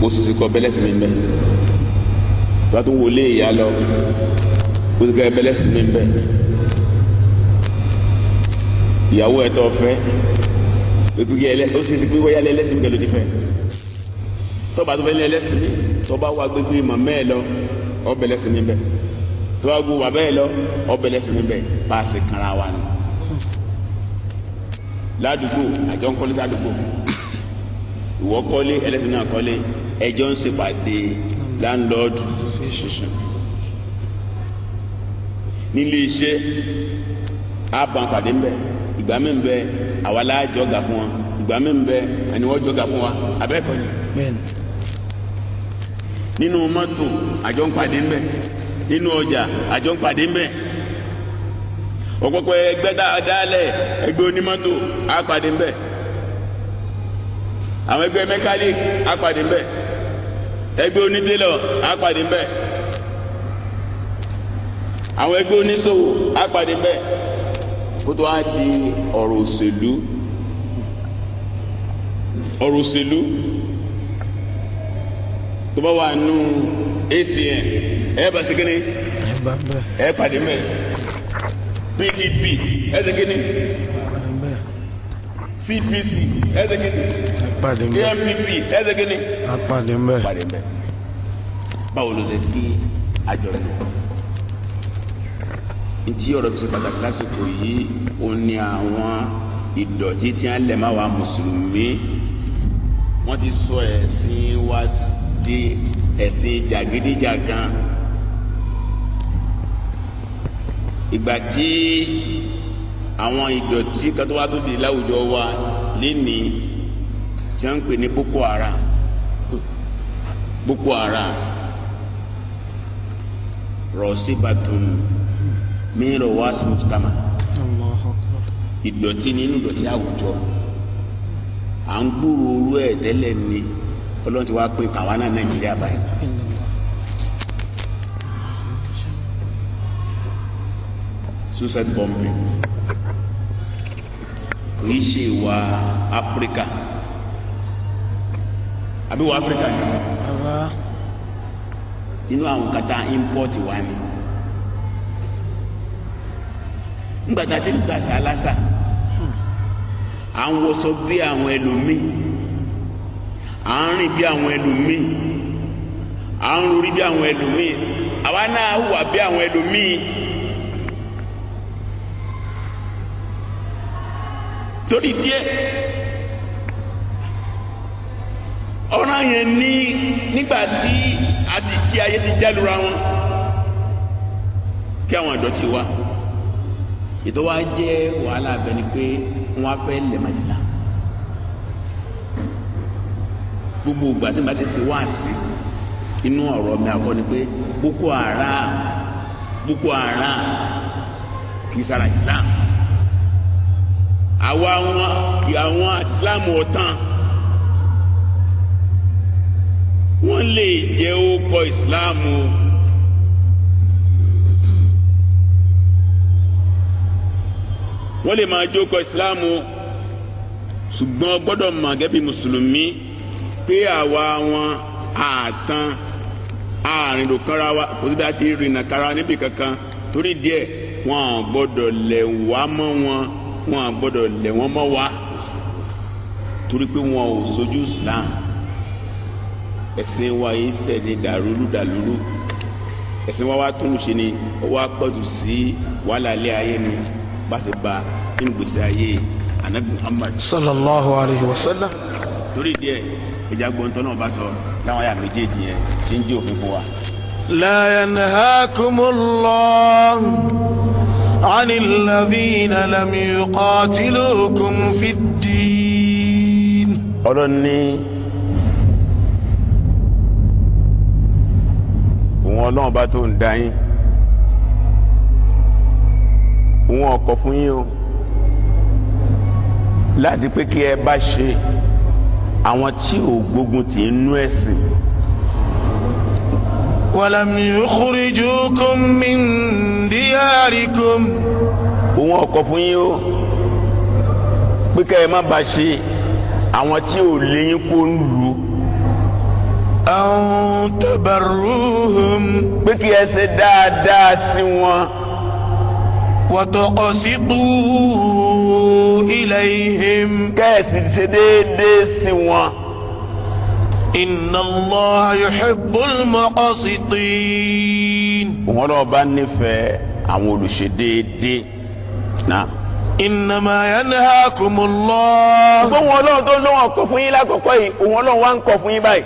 osisi kọ bẹlẹsi mi bẹ tó tó wọlé ìyá lọ kó tó kẹ mi bẹ ìyàwó ẹ̀ tó fẹ́ pépé ẹlẹ́ ó ṣe ti pé wáyà lẹ́lẹ́sìn kẹlẹ́ ti fẹ́ tọ́ba tó fẹ́ lẹ́lẹ́sìn mi tọ́ba wà gbégbé mọ̀ mẹ́ẹ̀ lọ ọbẹ̀ lẹ́sìn mi bẹ́ẹ̀ tọ́ba gbó wà bẹ́ẹ̀ lọ ọbẹ̀ lẹ́sìn mi bẹ́ẹ̀ bá a ṣe kanra wa ni ládùúgbò àjọ ń kọ́lé sádùúgbò ìwọ kọ́lé ẹlẹ́sìn náà kọ́lé ẹjọ́ ń ṣèpàdé landlord association nílé iṣẹ́ á bá ń pàdé ń bẹ́ẹ̀ ìgbà mi bẹ àwa la jọ ga fún wa ìgbà mi bẹ ẹni wọ́n jọ ga fún wa abẹ́ kọ́ ni. nínú mọ́tò àjọ ń pàdé ń bẹ̀ nínú ọjà àjọ ń pàdé ń bẹ̀ ọ̀pọ̀pọ̀ ẹgbẹ́ dáadáalẹ̀ ẹgbẹ́ onímọ́tò á pàdé ń bẹ̀ àwọn ẹgbẹ́ mẹkáníkì á pàdé ń bẹ̀ ẹgbẹ́ onítẹ̀lọ̀ á pàdé ń bẹ̀ àwọn ẹgbẹ́ oníṣòwò á pàdé ń bẹ̀ kó tó wá di ọ̀rọ̀ òṣèlú ọ̀rọ̀ òṣèlú tó bá wà nù ACN ẹ bá segin ni ẹ pàdé mẹ PDP ẹ segin ni CPC ẹ segin ni ANPP ẹ segin ni pàdé mẹ báwo ló ṣe di àjọyọ̀ ntí ọ̀rọ̀ fi ṣe pàtàkì lásìkò yìí ó ní àwọn ìdọ̀tí tí wọ́n lẹ̀ máa wà mùsùlùmí wọ́n ti sọ ẹ̀sìn wa di ẹ̀sìn jàgídíjàgan ìgbà tí àwọn ìdọ̀tí kan wá tó di láwùjọ wa lénìí tí wọ́n ń pè ní Boko Haram Boko Haram rọ̀ síbàtún. Si mìíràn wá sí mùsùlùmá ìdọ̀tí nínú ìdọ̀tí àwùjọ à ń gbúrò orú ẹ̀ tẹ́lẹ̀ ni ọlọ́run ti wá pé kàwa náà nàìjíríà báyìí. suicide bombing kò ṣe ìwà áfíríkà àbí ìwà áfíríkà ni inú àwọn kata import wa ni. nígbà tá a ti ń gbà sálásà à ń wọṣọ bí àwọn ẹlòmíì à ń rìn bí àwọn ẹlòmíì à ń rorí bí àwọn ẹlòmíì àwa náà hùwà bí àwọn ẹlòmíì torí díẹ̀ ọ̀ràn yẹn ní nígbà tí àti jí ayé ti jálura wọn kí àwọn àdọ́tí wa ìtọ́wá jẹ́ wàhálà bẹ ni pé wọ́n á fẹ́ lẹ́mọ̀sílá gbogbo ìgbà tí màá ti ṣe wáàsí inú ọ̀rọ̀ mi àkọ́ ni pé Boko Haram Boko Haram kì í sara Islam àwa àwọn àwọn àti Islam ọ̀tàn wọ́n lè jẹ́ ó kọ Islam o. wọ́n lè máa jókòó islam o ṣùgbọ́n gbọ́dọ̀ mọ̀ gẹ́gẹ́ bí mùsùlùmí pé àwa wọn àtàn àrìndò kanra wa kò síbi àti rìnà kanra níbi kankan torí díẹ̀ wọn à gbọ́dọ̀ lẹ̀ wá mọ́ wọn wọn à gbọ́dọ̀ lẹ̀ wọ́n mọ́ wa torí pé wọn ò sojú islam ẹ̀sìn wa yìí sẹ́ni dàrúlù dàlúlù ẹ̀sìn wa wá tún lù ṣe ni ó wá pọ̀jù sí wàhálà ilé ayé ni bá ṣe ba nínú gbèsè ayé anabi muhammad. sallallahu alayhi wa sallam. torí díẹ̀ ìjà gbọ̀ntàn náà bá sọ láwọn ayà méjèèjì yẹn ṣe ń jẹ́ òfin fún wa. la yanhakumullahu عن الذين لم يقاتلوكم في الدين. ọlọ́run ní òun ọlọ́run bá tó ń dá yín. wọn ò kọ̀ fún yín o láti pé kí ẹ bá ṣe àwọn tí ò gbógun tì í nú ẹ̀sìn. walam yukhrijukum min diyarikum. wọn ò fún yín o pé kẹ́ ẹ má bá ṣe àwọn tí ò léyìn kó ń lù àwọn tabaruhum. pé kí ẹ ṣe dáadáa sí wọn وتقسطوا إليهم كاسي سديد سوا إن الله يحب المقسطين وربا نفع عمود شديد نعم innama yanhaakum Allah. fún wọn lọ́wọ́ tó lọ́wọ́ kọ fún yín lákọ̀ọ́kọ́ yìí òun lọ́wọ́ wá kọ fún yín báyìí.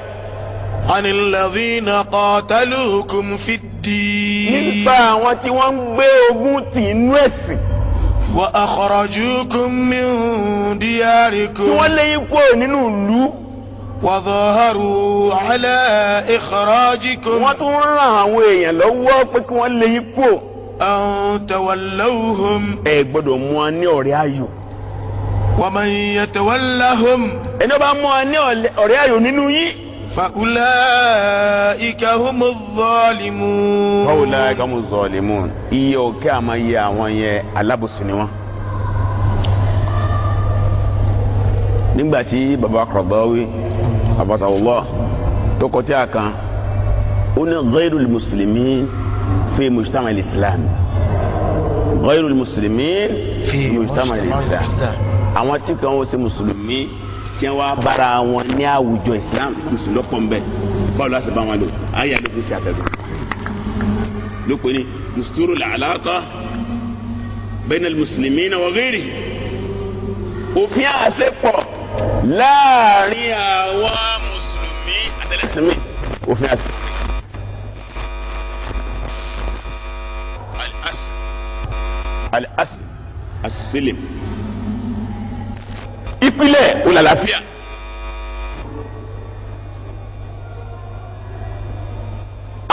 anil ladhina qatalukum fit الدين nípa àwọn tí wọ́n ń gbé ogún tì inú ẹ̀sìn. wa akhrajukum min diyarikum. tí wọ́n lé yín nínú ìlú. wa dhaharu ala ikhrajikum. wọ́n tún ràn àwọn èèyàn lọ́wọ́ pé kí wọ́n lé yín kúrò. an tawallawhum. ẹ gbọ́dọ̀ mú wa ní ọ̀rẹ́ ayò. wa man yatawallahum. ẹni ó bá mú wa ní ọ̀rẹ́ ayò nínú yín fàúláìkà humu zọ́ọ̀lìmù. fàúláìkà humu zọ́ọ̀lìmù iye òkè àmọ́ iye àwọn yẹn alábòsí ni wọ́n. nígbà tí baba Qaradawi abasawulọ tó kọtí àkàn ó ní ghayrul muslimin fi mujtama islam ghayrul muslimin fi mujtama islam àwọn tí kan ó ṣe mùsùlùmí tí wọ́n bára wọn ní àwùjọ islam mùsùlùmí lọ́pọ̀ nbẹ báwo la ṣe bá wọn lò ayé àlòkù sí àtẹ̀gùn ló ni dùsùtúrù làlákà bẹ́ẹ̀ni mùsùlùmí náà wọ́n gẹ́rì òfin àṣepọ̀ láàrin àwa mùsùlùmí àtẹlẹsìnmí òfin àṣepọ̀. al-asl al-asl as-silim. al asl al as silim al ìpìlẹ̀ ó là láfíà.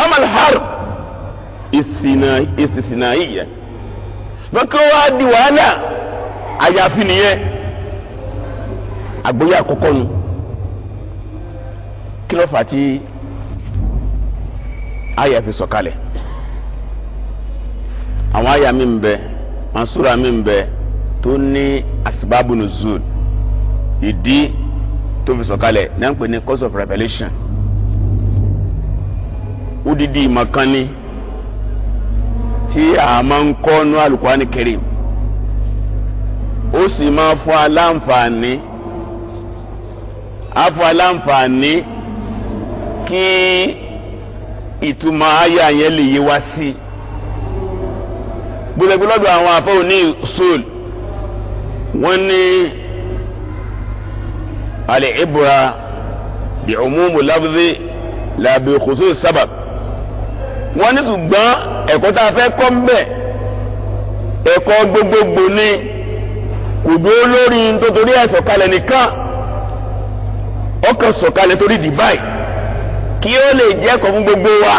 amal har ìsìnàyíyà bákan wá di wàhálà àyàfi nìyẹn àgbóyà àkọ́kọ́ nu kí ló fà á ti àyà fi sọ̀kalẹ̀ àwọn àyà mi ń bẹ mansura mi ń bẹ tó ní asibabu nuzul ìdí tó fi sọ̀kalẹ̀ náà ń pè ní cause of revelation odidi ìmọ̀kànnì tí a máa ń kọ́ nú Al-Qur'ani Karim ó sì máa fún aláǹfààní á fún aláǹfààní kí ìtumọ̀ àyà yẹn lè yé wá sí gbọdọgbọdọ àwọn afọ òní sóòlù wọn ní al'ibra bi umumu labzi la bi khusus sabab wọ́n ṣùgbọ́n ẹ̀kọ́ tá a fẹ́ kọ́ ń bẹ̀ ẹ̀kọ́ gbogbogbò ni kò dúró lórí tó torí ẹ̀ sọ̀kalẹ̀ nìkan ọkàn sọ̀kalẹ̀ torí dìbáì kí ó lè jẹ́ ẹ̀kọ́ fún gbogbo wa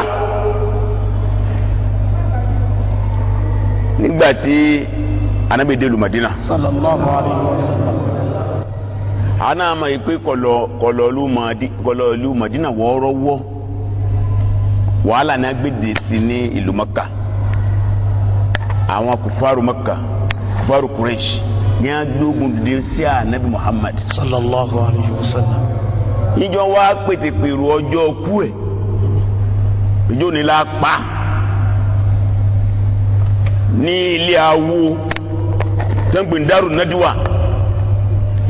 nígbà tí Ànábì dé Madina. sallallahu alayhi wa sallam àná àmọ́ yìí pé kọlọ kọlọ ìlú Madina wọ́ọ́rọ́wọ́ wàhálà náà gbèdè sí ní ìlú Maka àwọn kufaru Maka kufaru Quraysh ní agbógun dé sí ànábì Muhammad. sallallahu alayhi wa sallam. ìjọ wa pètèpèrò ọjọ́ kú ẹ̀ ìjọ ni la pa ní ilé awo tẹ́ǹgbìn dárò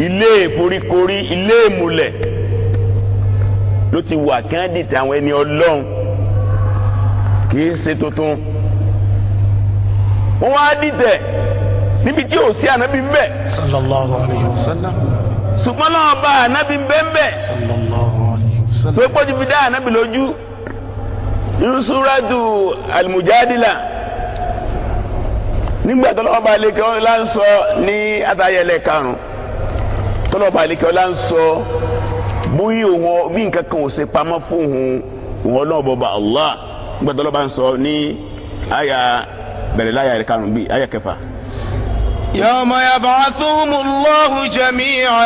ilé ìforíkorí ilé ìmùlẹ̀ ló ti wà candidate àwọn ẹni ọlọ́run kì í ṣe tuntun wọ́n wá dìtẹ̀ níbi tí ò sí ànábì ń bẹ. sallallahu alayhi wa sallam. ṣùgbọ́n náà bá ànábì ń bẹ ń bẹ. sallallahu alayhi wa sallam. tó pọ́jú fi dá ànábì lójú nínú súrádù al-mujadila nígbà tó lọ́wọ́ bá lè kí wọ́n lá ń ní àtàyẹlẹ karùn-ún tọ́lọ́ba àlekẹ́ọ́lá ń sọ bóyí òun bí nǹkan kan ò ṣe pamọ́ fún òun òun ọlọ́run bọba Allah nígbà tọ́lọ́ba ń sọ ní àyà bẹ̀rẹ̀ láyà rẹ̀ karùn-ún bíi àyà kẹfà. yawma yab'athuhumullahu jami'a.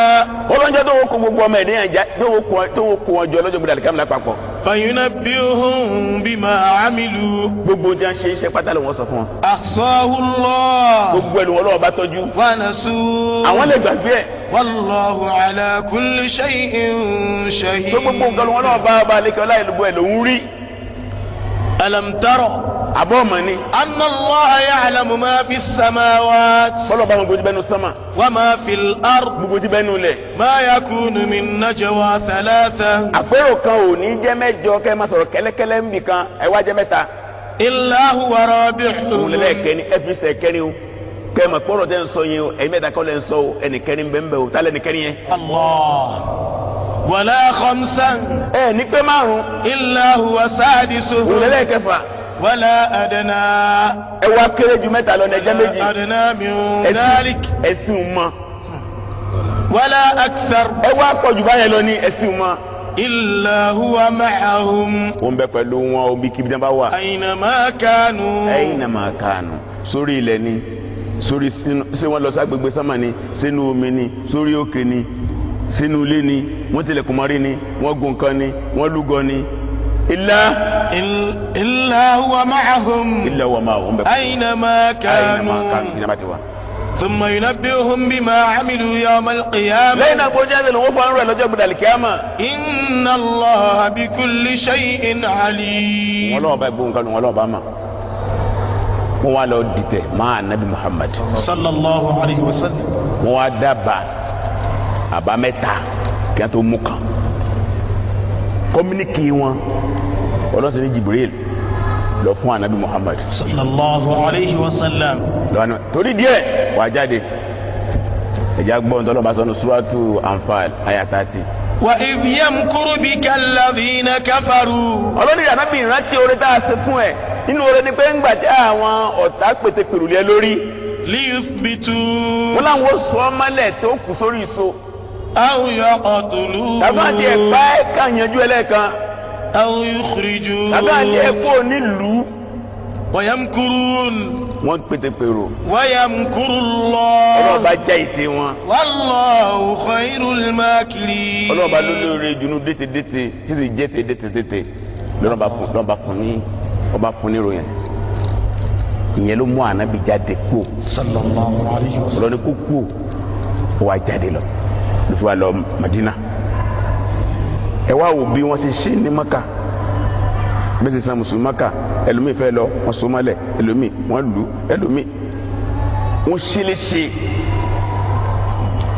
olóńjẹ tó wọ́n kó gbogbo ọmọ ẹ̀dẹ́yàn já tó wọ́n kó wọn jọ lọ́jọ́ gbọdọ̀ àlìkàmù lápapọ̀. fayunabbi'uhum bima 'amilu. gbogbo jẹ́ ń ṣe pátá ló wọ́n sọ fún wọn. ahsahullah. gbogbo ẹ̀lú wọn lọ́wọ́ bá tọ́jú. wa nasu. àwọn lè gbàgbé ẹ̀ wallahu ala kulli shay'in shahid. gbogbo nǹkan wọn náà bá bá lékè ọlá ìlúgbọ ẹ lòún rí. alam tara. àbọ̀ ọmọ ni. anna Allaha ya'lamu ma fi samawat. fọlọ́ bá wọn gbòdì bẹ́ẹ̀ nu sánmà. wa ma fil gbogbo ti bẹ́ẹ̀ nu lẹ̀. ma yakunu min najwa thalatha. àpérò kan ò ní jẹ́ mẹ́jọ kẹ́ máa sọ̀rọ̀ kẹ́lẹ́kẹ́lẹ́ ń bì kan ẹ wá jẹ́ mẹ́ta. illa huwa rabi'uhum. ẹ fi sẹ́ kẹ́ni o kẹmẹ kpọrọ tẹ n sọ yẹn o ẹmẹ da kọ lẹ n sọ o ẹnikẹni bẹ n bẹ o ta lẹ nikẹni yẹ. Allah wala khamsan. ẹ ní pé márùn. illa huwa sadisuhu. wulẹlẹ kẹfà. wala adana. ẹ wá kéré ju mẹ́ta lọ nẹjẹ méjì. adana miu dalik. ẹsìn mọ. wala akthar. ẹ wá kọjú báyẹn lọ ní ẹsìn mọ illa huwa ma'ahum. ń bẹ pẹ̀lú wọn omi kìbìtàn bá wà. aynama kanu. aynama kanu. ni sórí ṣé wọ́n lọ ságbègbè sánmà ni sínú omi ni sórí òkè ni sínú ilé ni wọ́n tilẹ̀kùn mọ́rí ni wọ́n gun kan ni wọ́n lúgọ ni. ilá. ilá wa ma'ahum. ilá wa ma'ahum bẹ́ẹ̀. aynama kanu. aynama kanu. thumma yunabbi'uhum bima 'amilu yawm al-qiyamah. lẹ́yìn náà gbọ́dọ̀ jáde lọ́wọ́ fún arúgbó lọ́jọ́ gbọ́dọ̀ alikiyama. inna Allaha bi kulli shay'in alim. wọ́n lọ́wọ́ bá gbóhùn kanu wọ́n lọ́wọ́ bá ma wọ́n wá lọ dìtẹ̀ máa nabi muhammad. sallallahu alayhi wa sallam. wọ́n wá dábàá àbámẹ́ta kí wọ́n tó mú kan kọ́míníkì wọn ọlọ́sìn ní jibril lọ fún anabi muhammad. sallallahu alayhi wa sallam. lọ́nà torí díẹ̀ wà á jáde ẹ̀já gbọ́n tọ́lọ́ bá sọnù suratu anfal ayatati. thirty. wa idh yamkuru bika alladhina kafaru. ọlọ́ni ìyá náà bí ìrántí orí tá a ṣe fún ẹ nínú oore ni pé ń gbà àwọn ọ̀tá pété pèrò lórí. leave me to. wọ́n láwọn ó sọ ọ́ tó kù sórí iṣo. àwùjọ ọ̀tùlù. tàbí ẹ̀pá ẹ̀ka yanjú ẹlẹ́ẹ̀kan. àwùjọ kùrìjù. tàbí àti ẹ̀kú onílùú. wayamkurun. wọ́n pété pèrò. wayamkurullah. ọlọ́ba já ìtẹ́ wọn. wallahu khairul makirin. ọlọ́ba ló lóore dunu dètè dètè títí jẹ́ tètè tètè lọ́nà bá fún ní ọba fún ní ìròyìn ìyẹn ló mú ànábì jáde kú lọ́ni kó kú ó wá jáde lọ lófi wa lọ Madina ẹ wá wò bí wọ́n ṣe ṣe ní Maka bẹ́ẹ̀ sì san mùsùlùmí Maka ẹlòmíì fẹ́ lọ wọ́n so mọ́lẹ̀ ẹlòmíì wọ́n lù ẹlòmíì wọ́n ṣe lè ṣe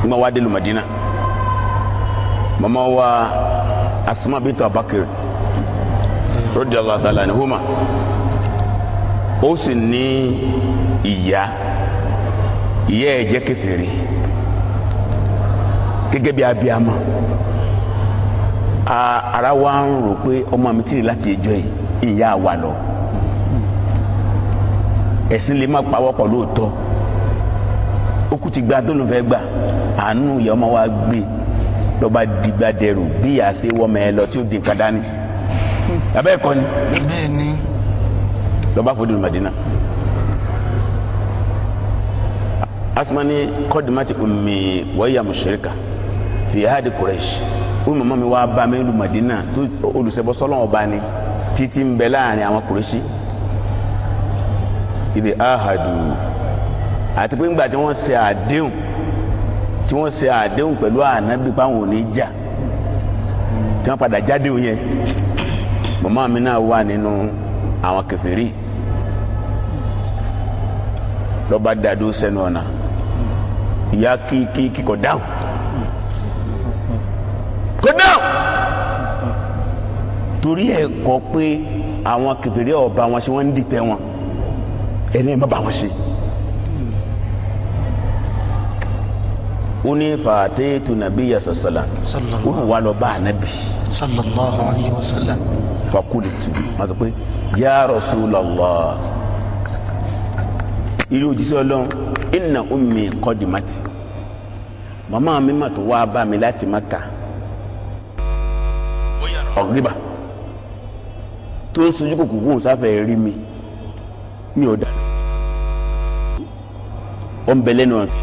mọ́ wá dé Madina màmá wa Asma bíntu Abakiri radiyallahu ta'ala anhuma ó sì ní ìyá ìyá ẹ̀ jẹ́ kèfèrí gẹ́gẹ́ bí abiyamọ ara wa ń rò pé ọmọ mi tìrì láti ẹjọ́ yìí ìyá wa lọ ẹ̀sìn lè má pawọ́pọ̀ lóòótọ́ ó kú ti gba tó fẹ́ gbà àánú ìyá ọmọ wa gbé lọ́ba dìgbà dẹrù bí ìyá ṣe wọ́mọ ẹ lọ tí ó di nǹkan dání abẹ́ ẹ̀kọ́ ni. bẹ́ẹ̀ ni. lọ́ba fòdùn Madina. asumani kọ́dùmátì ummi wọ́yà mushrika fi hadi Quraysh wọ́n mọ̀mọ́ mi wá bá mi lu Madina tó olùsẹ̀bọ̀sọ́lọ́ ọba ni títí ń bẹ láàrin àwọn Qurayshi. ìdè ahadu àti pé ńgbà tí wọ́n ṣe àdéhùn tí wọ́n ṣe àdéhùn pẹ̀lú ànábì pàwọn ò ní jà tí wọ́n padà jáde òun màmá mi náà wà nínú àwọn kèfèrí lọ́ba dàdó sẹ́nu ọ̀nà ìyá kí kí kí kò dáhùn kò dáhùn torí ẹ̀ kọ́ pé àwọn kèfèrí ọba wọn ṣe wọ́n ń dìtẹ̀ wọn ẹni ẹ̀ má bá wọn ṣe. oni faate tu nabi ya sallam o wa lọ bá anabi. sallallahu alayhi wa sallam fakulitu wọn sọ pé ya Rasulullah irú òjíṣẹ́ ọlọ́run inna ummi kọ́dìmátì màmá mi mà tó wá bá mi láti Mákà ọ̀gbìbà tó ń sojú kòkò wò sáfẹ́ rí mi mi ò dáná ó ń bẹ lẹ́nu ọ̀rẹ́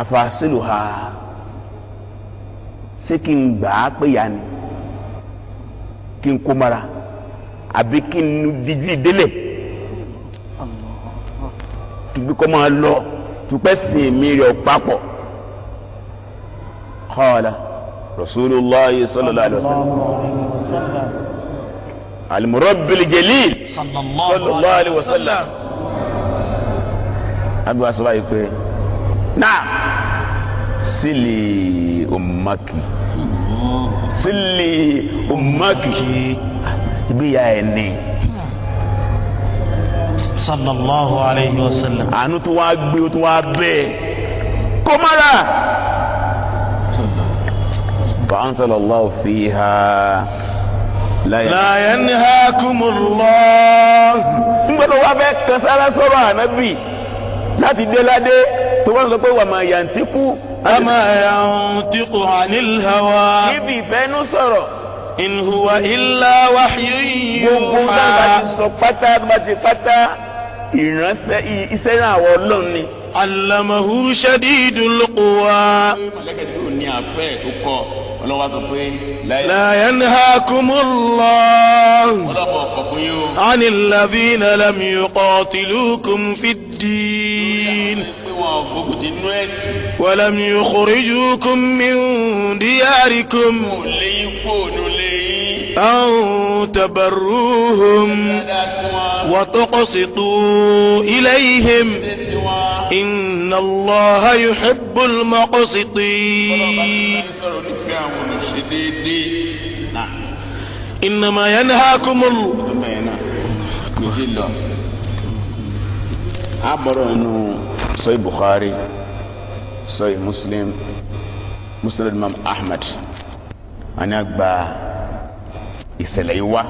afasiluha ṣé kí n gbà á pé yá ni kí n kó mara àbí kí n díjú ìdélẹ̀ kí n kọ́ máa lọ tupẹ́ sìn mí rẹ̀ papọ̀ rasulillah sallallahu alaihi wasallam alimurabbil jalil sallallahu alaihi wasallam abiwa sọ báyìí pé náà sílì ummaki sílì ummaki ibi ya ẹ ní. sallallahu alayhi wa sallam. àánú tó wá gbé tó wá bẹ́ẹ̀ kọ́mára. فأنزل الله فيها لا ينهاكم الله ngbọ́dọ̀ wá fẹ́ kan سورة sọ̀rọ̀ ànábì láti dé ládé tó wọ́n sọ pé أما ينطق عن الهوى إن هو إلا وحي يوحى علمه شديد القوى لا ينهاكم الله عن الذين لم يقاتلوكم في الدين ولم يخرجوكم من دياركم أو تبروهم وتقسطوا إليهم إن الله يحب المقسطين نعم. إنما ينهاكم الله sahih bukhari sahih muslim muslim imam ahmed ani agba ìṣẹ̀lẹ̀ yìí wá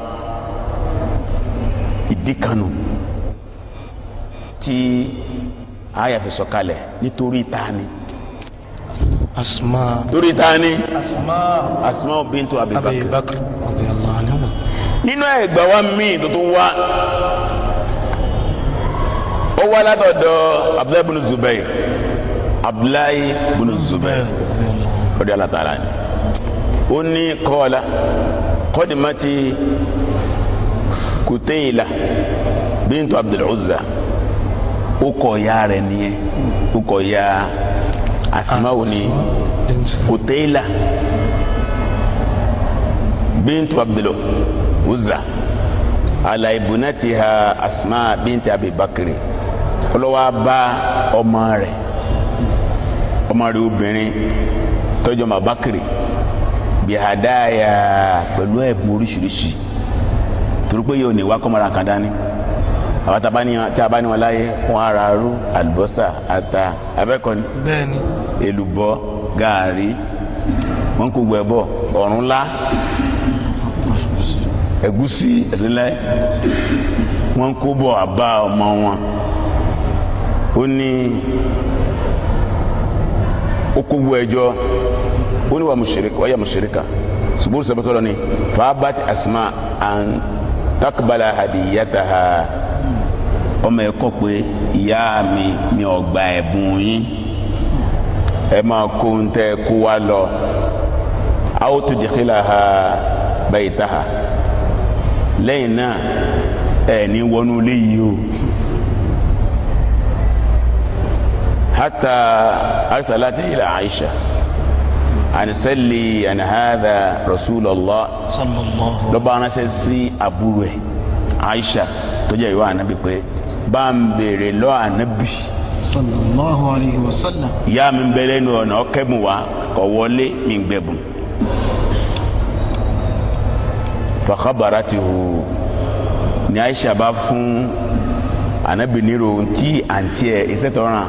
ìdí kanu tí aya fi sọ̀kalẹ̀ nítorí tani asma torí tani asma asma bintu abibakar nínú ẹgbàá wa míì tó tó ó wá látọ̀dọ̀ abdullahi bin zubair abdullahi bin zubair ọdí alátara ni ó ní kọ́ọ̀lá kọ́dìmátì kùtẹ́yìlá bíntu abdul uzza ó kọ ya rẹ̀ nìyẹn ó kọ ya asimawo ni kùtẹ́yìlá bíntu abdul uzza ala bíntu abibakiri ọlọ́wọ́ bá ọmọ rẹ̀ ọmọ rẹ̀ obìnrin tọ́jọ́ màbákiri bihadaya pẹ̀lú ẹ̀bùn oríṣiríṣi torí pé yóò ní wá kọ́mọ́ra kan dání àwọn tí a bá ní wọn láyé wọn ara àlùbọ́sà ata abẹ́kọ̀ni bẹ́ẹ̀ni èlùbọ́ gàárì wọn kò gbẹ bọ ọ̀run ńlá ẹ̀gúsí ẹ̀sìn lẹ́ wọn kó bọ̀ àbá ọmọ wọn ó ní ó kó gbogbo ẹjọ́ ó ní wàyà mùsùlùkà ṣùgbọ́n sọ̀rọ̀ ni fàábàtì asma an takbala hadiyataha ọmọ ẹ kọ pé ìyá mi mi ò gba ẹ̀bùn yín ẹ máa kó ń tẹ kó wa lọ àwọn tó jẹ́kílà ha bẹ́ẹ̀ ta ha lẹ́yìn náà ẹ̀ ní wọnú ilé o. حتى أرسلت إلى عائشة أن سلي أن هذا رسول الله صلى الله عليه وسلم lọ́ba ránṣẹ́ sí àbúrò ẹ̀ Aisha tó jẹ́ ìwà ànábì pé bá ń béèrè lọ́ ànábì. sallallahu alayhi wa sallam. ìyá mi ń bẹ lẹ́nu ọ̀nà ọ̀kẹ́bùn wa kọ̀ wọlé mi ń gbẹ̀bùn. fa khabaratihu ni Aisha bá fún anabi niro nti antiɛ isɛ tɔran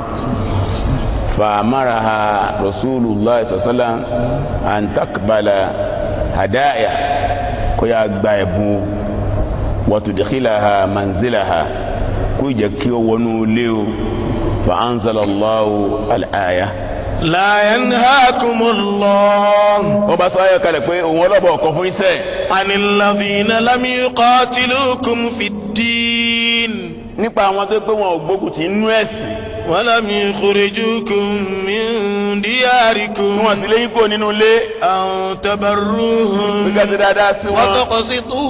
faamaraha rasulillah sallam antakbala hadaya kó yà gba ẹ̀bùn wàtúndìkìlàha manzilaha kó jẹ́ kí ó wọnú lé o fa anzalallahu al'aya. la yanhakumullah. ó bá sọ ayọ̀ kalẹ̀ pé òun ọlọ́bọ̀ ọ̀kan fún iṣẹ́. anil ladhina lam yuqatilukum nípa àwọn tó pé wọn ò gbógun tì nínú ẹ̀sìn. walam yukhrijukum min diyarikum. wọn sì léyìn kúrò nínú ilé. an tabarruhum. gbígbà sí dáadáa sí wọn. wa tuqsitu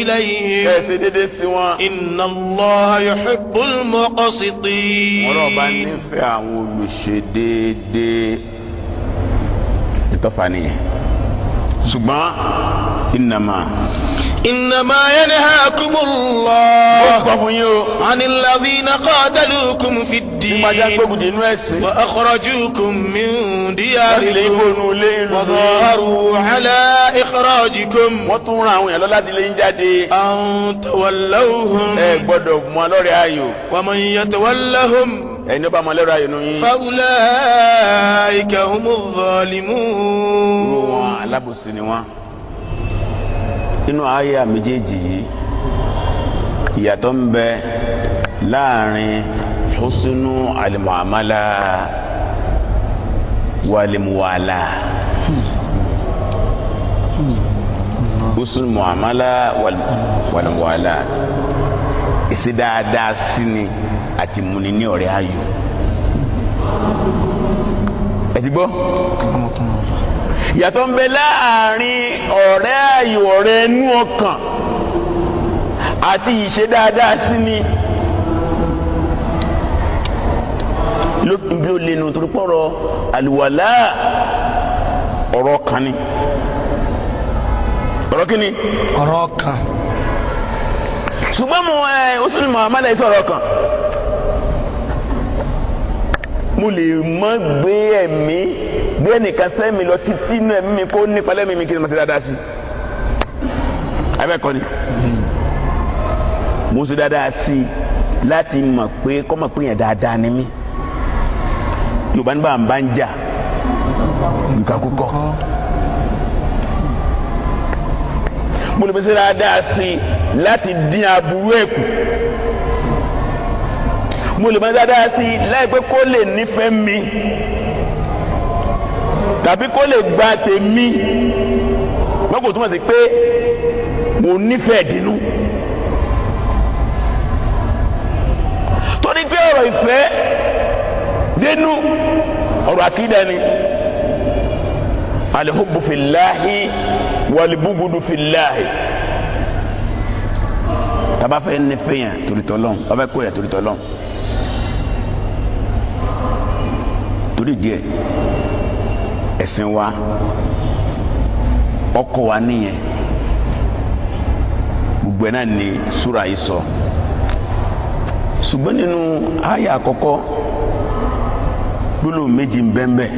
ilayhim. ẹ ṣe déédéé sí wọn. inna Allaha yuhibbul muqsitin. wọ́n bá nífẹ̀ẹ́ àwọn olùṣe déédéé. ìtọ́fà nìyẹn. ṣùgbọ́n ìnàmà. إنما ينهاكم الله عن الذين قاتلوكم في الدين وأخرجوكم من دياركم وظاهروا على إخراجكم أن تولوهم ومن يتولهم ẹni bá mọlẹ́rọ àyẹ̀nù yín. fáwùlà ìkà humu zalimun. alábòsí ni wọ́n nínú àyà méjèèjì yìí ìyàtọ̀ ń bẹ láàrin husnu alimuamala walimuwala husnu muamala walimuwala ìṣe dáadáa sí àti múni ní ọ̀rẹ́ ayò ẹ ti gbọ́ yàtọ̀ ń bẹ láàrin ọ̀rẹ́ ayò ọ̀rẹ́ inú ọkàn àti ìṣe dáadáa sí ni lóbi ó lè nu torí pọ̀rọ̀ àlùwàlá ọ̀rọ̀ kan ni ọ̀rọ̀ kí ni. ọ̀rọ̀ kan. ṣùgbọ́n mo ẹ ó sì ní muhammadu sọ̀rọ̀ kan mo lè mọ́ gbé ẹ̀mí gbé ẹnìkan sẹ́mi lọ títí inú ẹ̀mí mi kó nípa lẹ́mí mi kí n máa ṣe dáadáa sí i abẹ́ẹ̀kọ́ ni mo ṣe dáadáa sí i láti mọ̀ pé kọ́ mọ̀ pé yẹn dáadáa ni mí yorùbá ní báwọn bá ń jà ìkàkú kọ́ mo lè fi ṣe dáadáa sí i láti dín aburú ẹ̀ kù mo lè mọ dáadáa sí i láìpẹ́ kó lè nífẹ̀ẹ́ mi tàbí kó lè gba tèmi wọ́n kò túmọ̀ sí pé mo nífẹ̀ẹ́ dínú. torí pé ọ̀rọ̀ ìfẹ́ dínú ọ̀rọ̀ àkídà ni alihubu filahi walibugudu filahi taba fẹ́ nífẹ̀ẹ́ yẹn torítọ́lọ́n ọba kó yẹn torí díẹ̀ ẹ̀sìn wa ọkọ wa nìyẹn gbogbo ẹ̀ náà ni súra yìí sọ ṣùgbọ́n nínú àyà àkọ́kọ́ gbólóhùn méjì ń bẹ́ẹ̀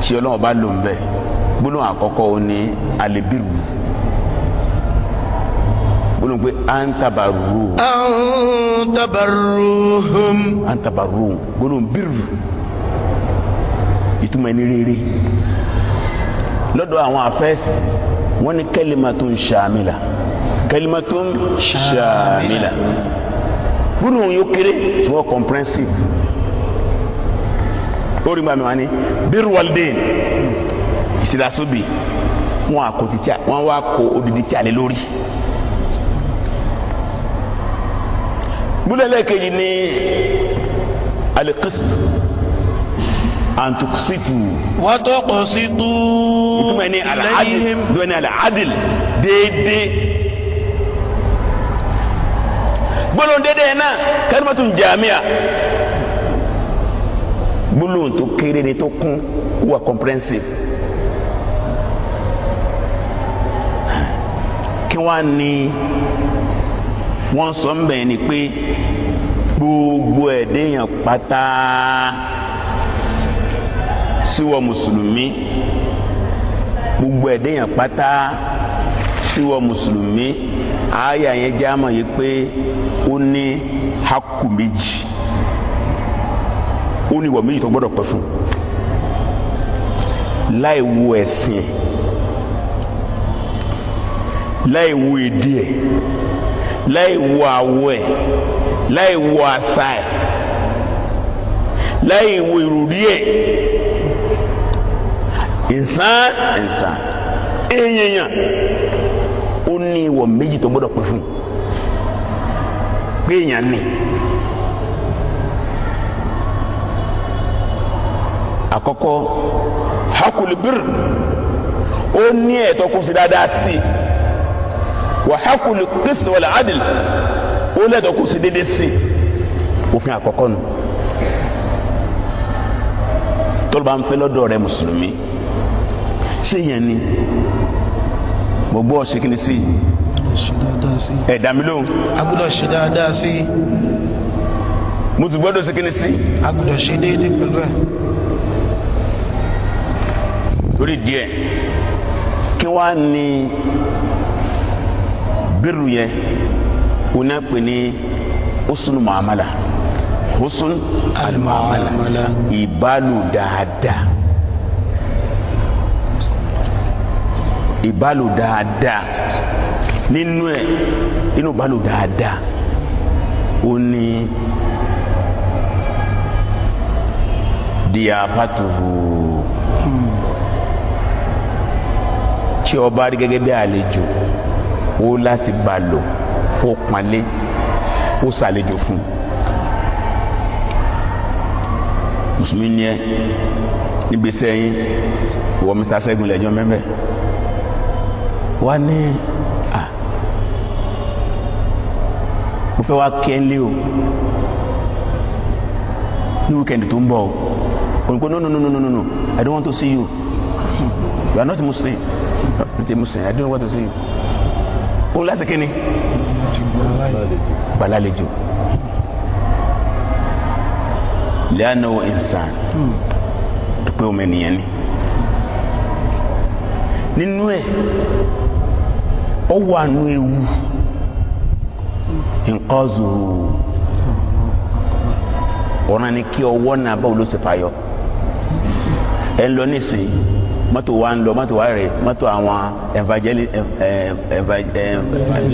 tí ọlọ́wọ́n bá lò ń bẹ́ẹ̀ gbólóhùn àkọ́kọ́ ò ní alẹ́ bírù. lóhùn pé an tabaru. an tabaruhum. an tabaru gbólóhùn bírù ìtumọ̀ ẹni rere lọ́dọ̀ àwọn afẹ́sì wọ́n ní kalimatun shamila kalimatun shamila gbólóhùn yóò kéré ṣùgbọ́n comprehensive lórí gbàmí wa ni Biru walideen ìsìlásóbì wọn àkó títí wọn wá kó odidi tí a lè lórí. gbúlẹ̀lẹ̀ kejì ní alikist antukusitu. wàtò kòsitu. ìtumọ̀ ní alaadil ìtumọ̀ ní alaadil déédéé. gbólóhùn déédéé náà kalimatu jamiya gbólóhùn tó kéré de tó kún wà comprehensive. kí wàá ní wọ́n sọ ń bẹ̀ ni pé gbogbo ẹ̀dẹ́yàn pátá síwọ mùsùlùmí gbogbo ẹ̀dẹ́yàn pátá síwọ mùsùlùmí àyà yẹn já mọ̀ yìí pé ó ní hakù méjì ó ní ìwọ̀ méjì tó gbọ́dọ̀ pẹ́ fún láì wo ẹ̀sìn láì wo èdè ẹ̀. láì wo àwọ̀ ẹ̀ láì wo àṣà ẹ̀ láì wo ìròrí ẹ̀ ìsán ni èèyàn ó ní ìwọ̀ méjì tó gbọ́dọ̀ pè fún pé èèyàn ni àkọ́kọ́ hakulibir ó ní ẹ̀tọ́ kó dáadáa sí i. wàhákù lè kristu wàlẹ̀ adìl ó lẹ́tọ̀ kó sí déédéé sí òfin àkọ́kọ́ nù tọ́lọ́ bá ń fẹ́ lọ́dọ̀ rẹ mùsùlùmí ṣé yẹn ni mo gbọ́ ṣe sí ẹ̀dá mi lóhùn. a gbọ́dọ̀ ṣe dáadáa sí i. mo ti gbọ́dọ̀ ṣe kí sí. a gbọ́dọ̀ ṣe déédéé pẹ̀lú ẹ̀. torí díẹ̀ kí wàá ní bírù yẹn o náà pè ní husnu muamala husn alimuamala ìbálò dáadáa ìbálò dáadáa nínú ẹ inú ìbálò dáadáa ó ní diafatuhu hmm. tí ọba rí bí àlejò. Hmm ó láti bá lò ó panlé ó ṣàlejò fún un mùsùlùmí ni ẹ níbi iṣẹ́ yín ìwọ mr ṣẹ́gun lẹ́jọ́ mẹ́mẹ́ wá ní à mo fẹ́ wá kẹ́ lé o ní wíkẹ́ndì tó ń bọ̀ o ònìkó no no no no no no i don't want to see you you are not muslim you are not muslim i don't want to see you òun lásìkò ni gbalálejò lẹ́yìn àwọn ìsàn pé ọmọ ènìyàn ni nínú ẹ̀ ó wà nù ewu nǹkan zòó ọ̀ràn ni kí ọwọ́ náà báwo ló ṣe fàyọ ẹ lọ nísìnyí mọ́tò wa ń lọ mọ́tò wa rè mọ́tò àwọn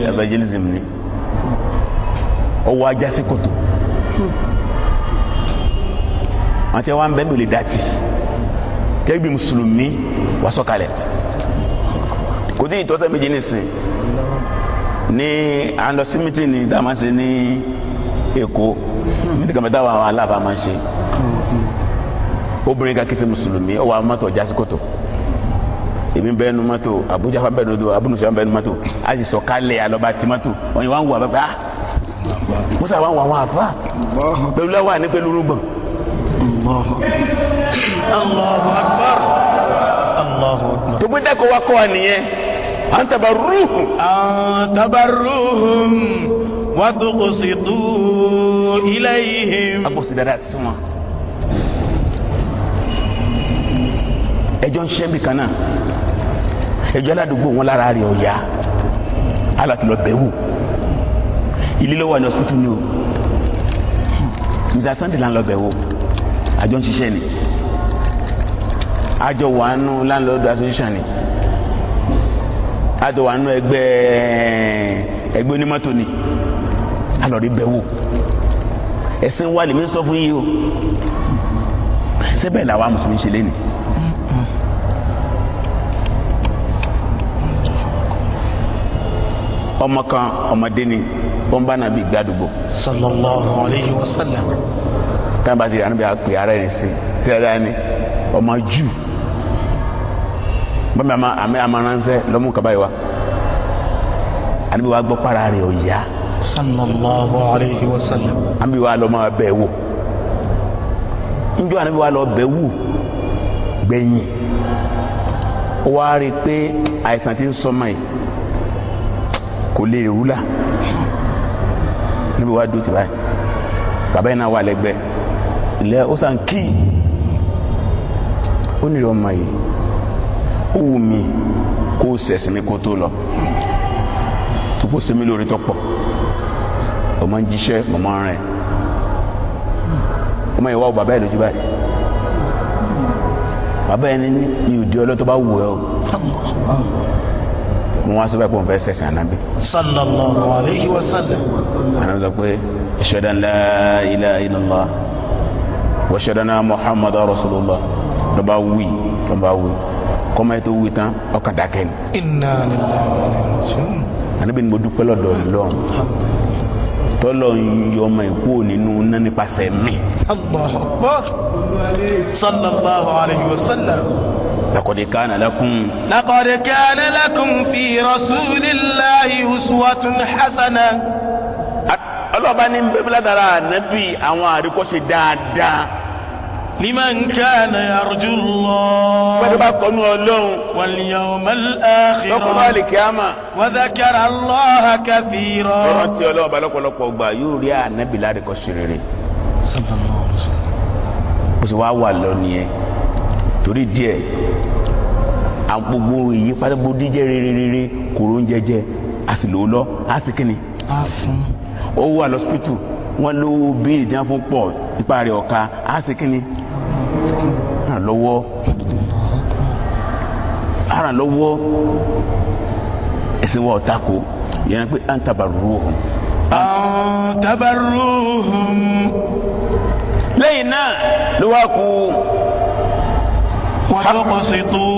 evangelism ni ọwọ́ ajá sí kòtò wọn tẹ wá ń bẹ́ẹ̀ mi ò lè dá tì kẹ́gbẹ́ mùsùlùmí wà sọ̀kalẹ̀ kò tí ì tọ́sẹ̀ méjì nìsín ní andọ́símítì ni tá a máa ń ṣe ní èkó mítí kan bẹ táwọn aláàbá máa ń ṣe obìnrin kan kì í mùsùlùmí ọwọ́ àwọn ọjà sí kòtò èmi bẹ́ẹ̀ nu mọ́tò abuja fa bẹ́ẹ̀ nu mọ́tò abunusa bẹ́ẹ̀ nu mọ́tò a sì sọ kálẹ̀ alọ́ba ti mọ́tò wọ́n yìí wọ́n wà bẹ́ẹ̀ ah musa wà wà wọn àfa pẹ̀lú wà ní pẹ̀lú rúgbọ̀n. Allahu akbar Allahu akbar. tó gbé dẹ́kun wa kọ́ wa nìyẹn an tabarruhum. an tabarruhum wa tuqsitu ilayhim. a kò sì dára sí wọn. ẹjọ́ ń ṣẹ́ mi kan náà ẹjọ́ aládùúgbò wọn lára rẹ̀ ọ̀yà alátìlọ bẹ̀wò ilé lọ́wọ́ ní hospital ni o mr sunday là ń lọ bẹ̀wò àjọ ń ṣiṣẹ́ ni àjọ wà nù landlord association ni àjọ wà nù ẹgbẹ́ ẹgbẹ́ onímọ́tò ni alọ̀rí bẹ̀wò ẹ̀sìn wa lèmi ń sọ fún yìí o sẹ́bẹ̀ làwa mùsùlùmí ṣe lé ni. ọmọ kan ọmọdé ni ó ń bá nàbí gbàdúgbò. sallallahu alayhi wa sallam. táwọn bá ti rí ànábì àpè ara ẹni sí sí ẹ dáa ni ọmọ jù bọ́mí àmà àmì àmàránṣẹ́ lọ́mú kaba yìí wa ànábì wa gbọ́ para rẹ̀ ò yá. sallallahu alayhi wa sallam. ànábì wa lọ́mọ bẹ́ẹ̀ wò njọ́ ànábì wa lọ bẹ́ẹ̀ wò gbẹ̀yìn ó wá rí i pé àìsàn ti ń sọmọ yìí kò lè rúlà níbi wàá dúró ti báyìí bàbá yìí náà wà lẹ́gbẹ̀ẹ́ ilẹ̀ ó sàn kí ó nílò ọmọ yìí ó wù mí kó o sẹ̀sìn mi kó tó lọ tó kó sẹ́mi lórí tó ọmọ ń jíṣẹ́ ọmọ ń rìn ọmọ yìí wá wọ bàbá yìí lójú báyìí bàbá yìí ní ìdí ọlọ́tọ́ bá wù ẹ́ o mo wá síbẹ̀ pé òun fẹ́ sẹ̀sìn ànábì. sallallahu alayhi wa sallam. ànábì sọ pé ashhadu an la ilaha illallah wa ashhadu anna muhammadu rasulullah ló bá wí ló bá wí kọ́mọ ètò wí tán ọkàn dákẹ́ ni. inna lillahi wa inna ànábì ni mo dúpẹ́ lọ́dọ̀ ọlọ́run tọ́lọ̀ ń yọ ọmọ ìkú nínú iná nípasẹ̀ mi. sallallahu alayhi wa sallam. لقد كان لكم لقد كان لكم في رسول الله أسوة حسنة ọlọ́ba ní bíbélà dára ànábì àwọn àríkọ́ṣe dáadáa. liman kana yarju Allah. pẹ̀lú bá kọ́nu ọlọ́run. wal yawmal akhir. lọ́kùnrin àlìkíyàmà. wa dhakara Allaha kathira. ọ̀rọ̀ tí ọlọ́ba lọ́pọ̀lọpọ̀ gbà yóò rí ànábì lárìkọ́ṣe rere. sallallahu alaihi wasallam. ó sì wá wà lọ́nìyẹn. torí díẹ̀ à ń gbogbo ìyípadà gbogbo díjẹ́ rere kòró ń jẹjẹ a sì lòó lọ a sì kíni. a fún. ó wà lọ́sípítù wọ́n bí fún ipa rẹ̀ ọ̀ka a sì kíni. ràn lọ́wọ́ ràn lọ́wọ́ ẹ̀sìn wa ọ̀tá kò yẹn pé à ń tabarú òhun. à ń tabarú náà ló wá kú. faqsitu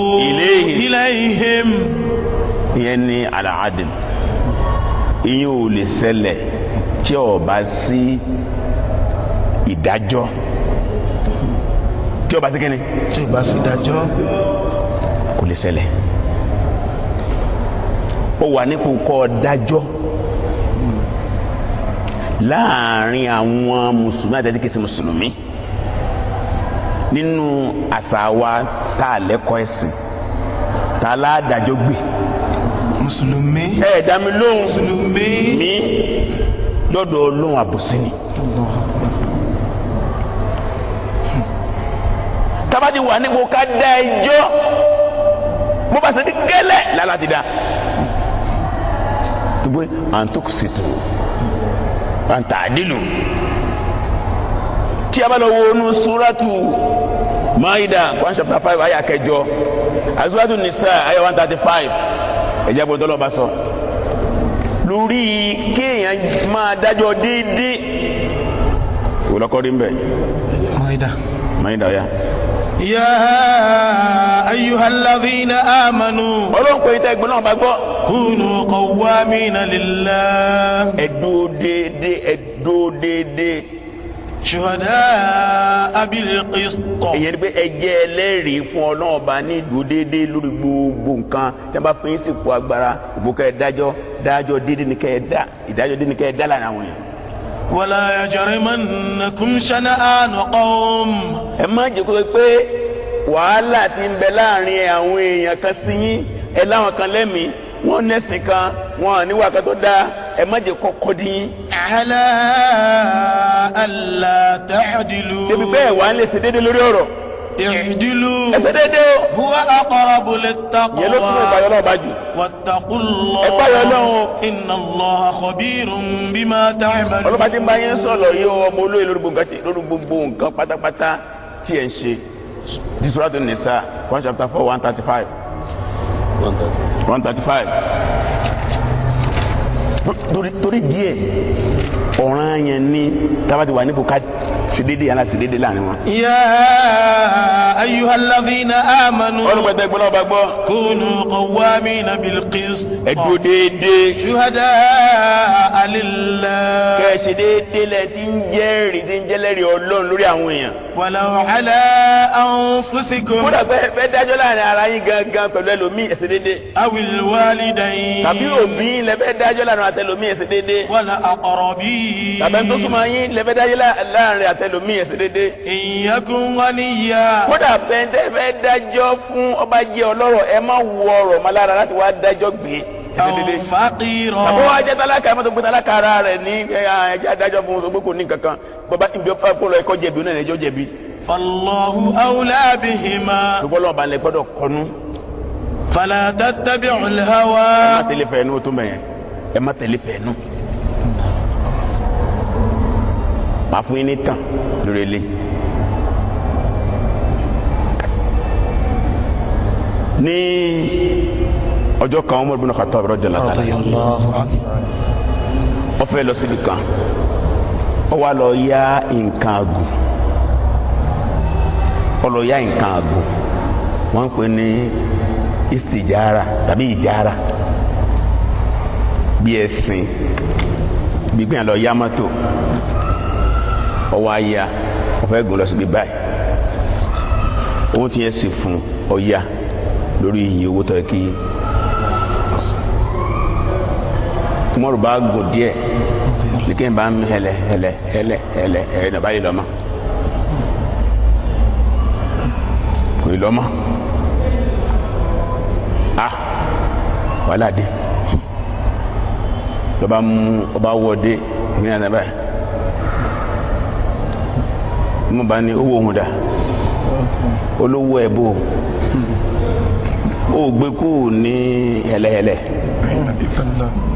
إليهم يعني على عدل ìyẹn ò lè ṣẹlẹ̀ tí ó bá sí ìdájọ́ tí ó bá sí kíni. tí ó bá sí ìdájọ́. kò lè ṣẹlẹ̀ ó wà nípò kọ́ dájọ́ láàrin àwọn mùsùlùmí àti ẹ̀dẹ́kẹ̀sì mùsùlùmí nínú àṣà wa tá a lẹ́kọ̀ọ́ ẹ̀sìn tá a ládàjọ́ gbé. mùsùlùmí. ẹ ẹ dá mi lóhùn. mùsùlùmí. mi lọ́dọ̀ ọlọ́run àbòsí ni. tabati wà níbo ká dá ẹjọ́ bó bá ṣe ní gẹ́lẹ́ lálá ti dá. tó bóyá à ń tó tí a bá lọ wo inú súrátù maida one chapter five aya kẹjọ asuratu nisa aya one thirty five ẹ̀jẹ̀ bọ̀ dọ́lọ́ bá sọ. lórí kéèyàn máa dájọ́ déédéé wò lọ́kọ́ rí mbẹ́. maida. maida ya. ya ayu ayyuhalladhina amanu. ọlọ́run pé ìta ẹgbẹ́ náà bá gbọ́. kunu qawwamina lillah. ẹ̀dó déédéé ẹ̀dó déédéé ṣuhada abilikis tọ. ẹ̀yẹ́ pé ẹ jẹ́ ẹlẹ́rìí fún ọlọ́run ọba ní ìlú déédé lórí gbogbo nǹkan tí a bá fi ń sìnkú agbára ògbókà dájọ́ dájọ́ déédé ni kẹ́ ẹ dá ìdájọ́ déédé ni kẹ́ ẹ dá lára àwọn yẹn. wala yajrimannakum shana'anu qawm. ẹ má jẹ́ kó pé wàhálà ti ń bẹ láàrin àwọn èèyàn kan sí yín ẹ láwọn kan lẹ́mìí wọ́n nẹ́sìn kan wọ́n níwà kan tó dáa ẹ má jẹ́ kọ́kọ́ dín. ala ala ta'dilu. ebi bẹ́ẹ̀ wà á lè ṣe déédéé lórí ọ̀rọ̀. i'dilu. ẹ déédéé o. huwa aqrabu lit-taqwa. yẹn ló súnmọ́ ìpayọ̀ náà bá jù. wattaqullah. ẹ payọ̀ náà. inna Allaha khabirun bima ta'malun. ọlọ́pàá ti ń bá yín sọ̀rọ̀ yìí ọmọ olóyè lórí gbogbo nǹkan pátápátá tiẹ̀ ń ṣe. Suratu Nisa, one chapter four, one thirty-five one thirty five torí torí díẹ̀ ọ̀ràn yẹn ni tábàtì wà ní bukati sidede yàrá sidede láàrin wọn. ya na amanu. olùgbẹ́tẹ̀ gbọ́dọ̀ bá gbọ́. kunu qawwamina na qist. ẹ dúró déédéé. shuhada alillah. kẹ́ ẹ ṣe déédéé lẹ ti ń jẹ́rìí ti ń jẹ́lẹ́rìí ọlọ́run lórí àwọn èèyàn wàlàwọ̀ alẹ́ àwọn fúnṣìkò. kódà bẹ́ẹ̀ bẹ́ẹ̀ dájọ́ láàrin ara yín gangan pẹ̀lú ẹlòmíì ẹ̀ṣẹ̀ dédé. awil walidayn. tàbí òbí lẹ́bẹ̀ẹ́ dájọ́ láàrin àtẹlòmíì ẹ̀ṣẹ̀ dédé. wàlà àkọ̀rọ̀bí. tàbí ẹni tó súnmọ́ yín lẹ́bẹ̀ẹ́ dájọ́ láàrin àtẹlòmíì ẹ̀ṣẹ̀ dédé. ìyẹ́kùn wọn ni yá. kódà bẹ́ẹ̀ dájọ́ fún ọba jẹ́ ọlọ́rọ̀ ẹ má wọ ọ̀rọ̀ fakirọ. àbọ̀ wa jẹ́ tálákà ẹ̀ mọ́tò gbé tálákà ara rẹ̀ ní ẹ̀jẹ̀ adájọ́ fún sọ pé kò ní kankan bàbá ibi ọ̀pá kó lọ ẹ̀kọ́ jẹ̀bi onáà ẹ̀jọ́ jẹ̀bi. fallahu awla bihima. gbọ́dọ̀ balẹ̀ gbọ́dọ̀ kọnu. fala tattabi'ul hawa. ẹ má tẹ̀lé fẹ́ nú tó mẹ́yẹn ẹ má ọjọ́ kan Umar bin Khattab radiyallahu anhu ó fẹ́ lọ síbi kan ó wá lọ ya nǹkan àgùn ó lọ ya nǹkan àgùn wọ́n ń pè ní istijara tàbí ìjara bí ẹ̀sìn gbígbìn àlọ́ ya mọ́tò ó wá ya ó fẹ́ gùn lọ síbi báyìí owó tiẹ̀ sì fún ó ya lórí iye owó tó yẹ kí kumaru b'a gùn díẹ̀ nìkan b'a mi hẹlẹ hẹlẹ hẹlẹ hẹlẹ hẹlẹ nàbà yìí lọ́mọ kò yìí lọ́mọ a ah, wàhálà dé lọ́ba mú ọba wọ dé ìgbìyànjú nàbà yìí mo bá ní owó òun dà olówó ẹ̀ bò ó gbé kúrò ní hẹlẹhẹlẹ.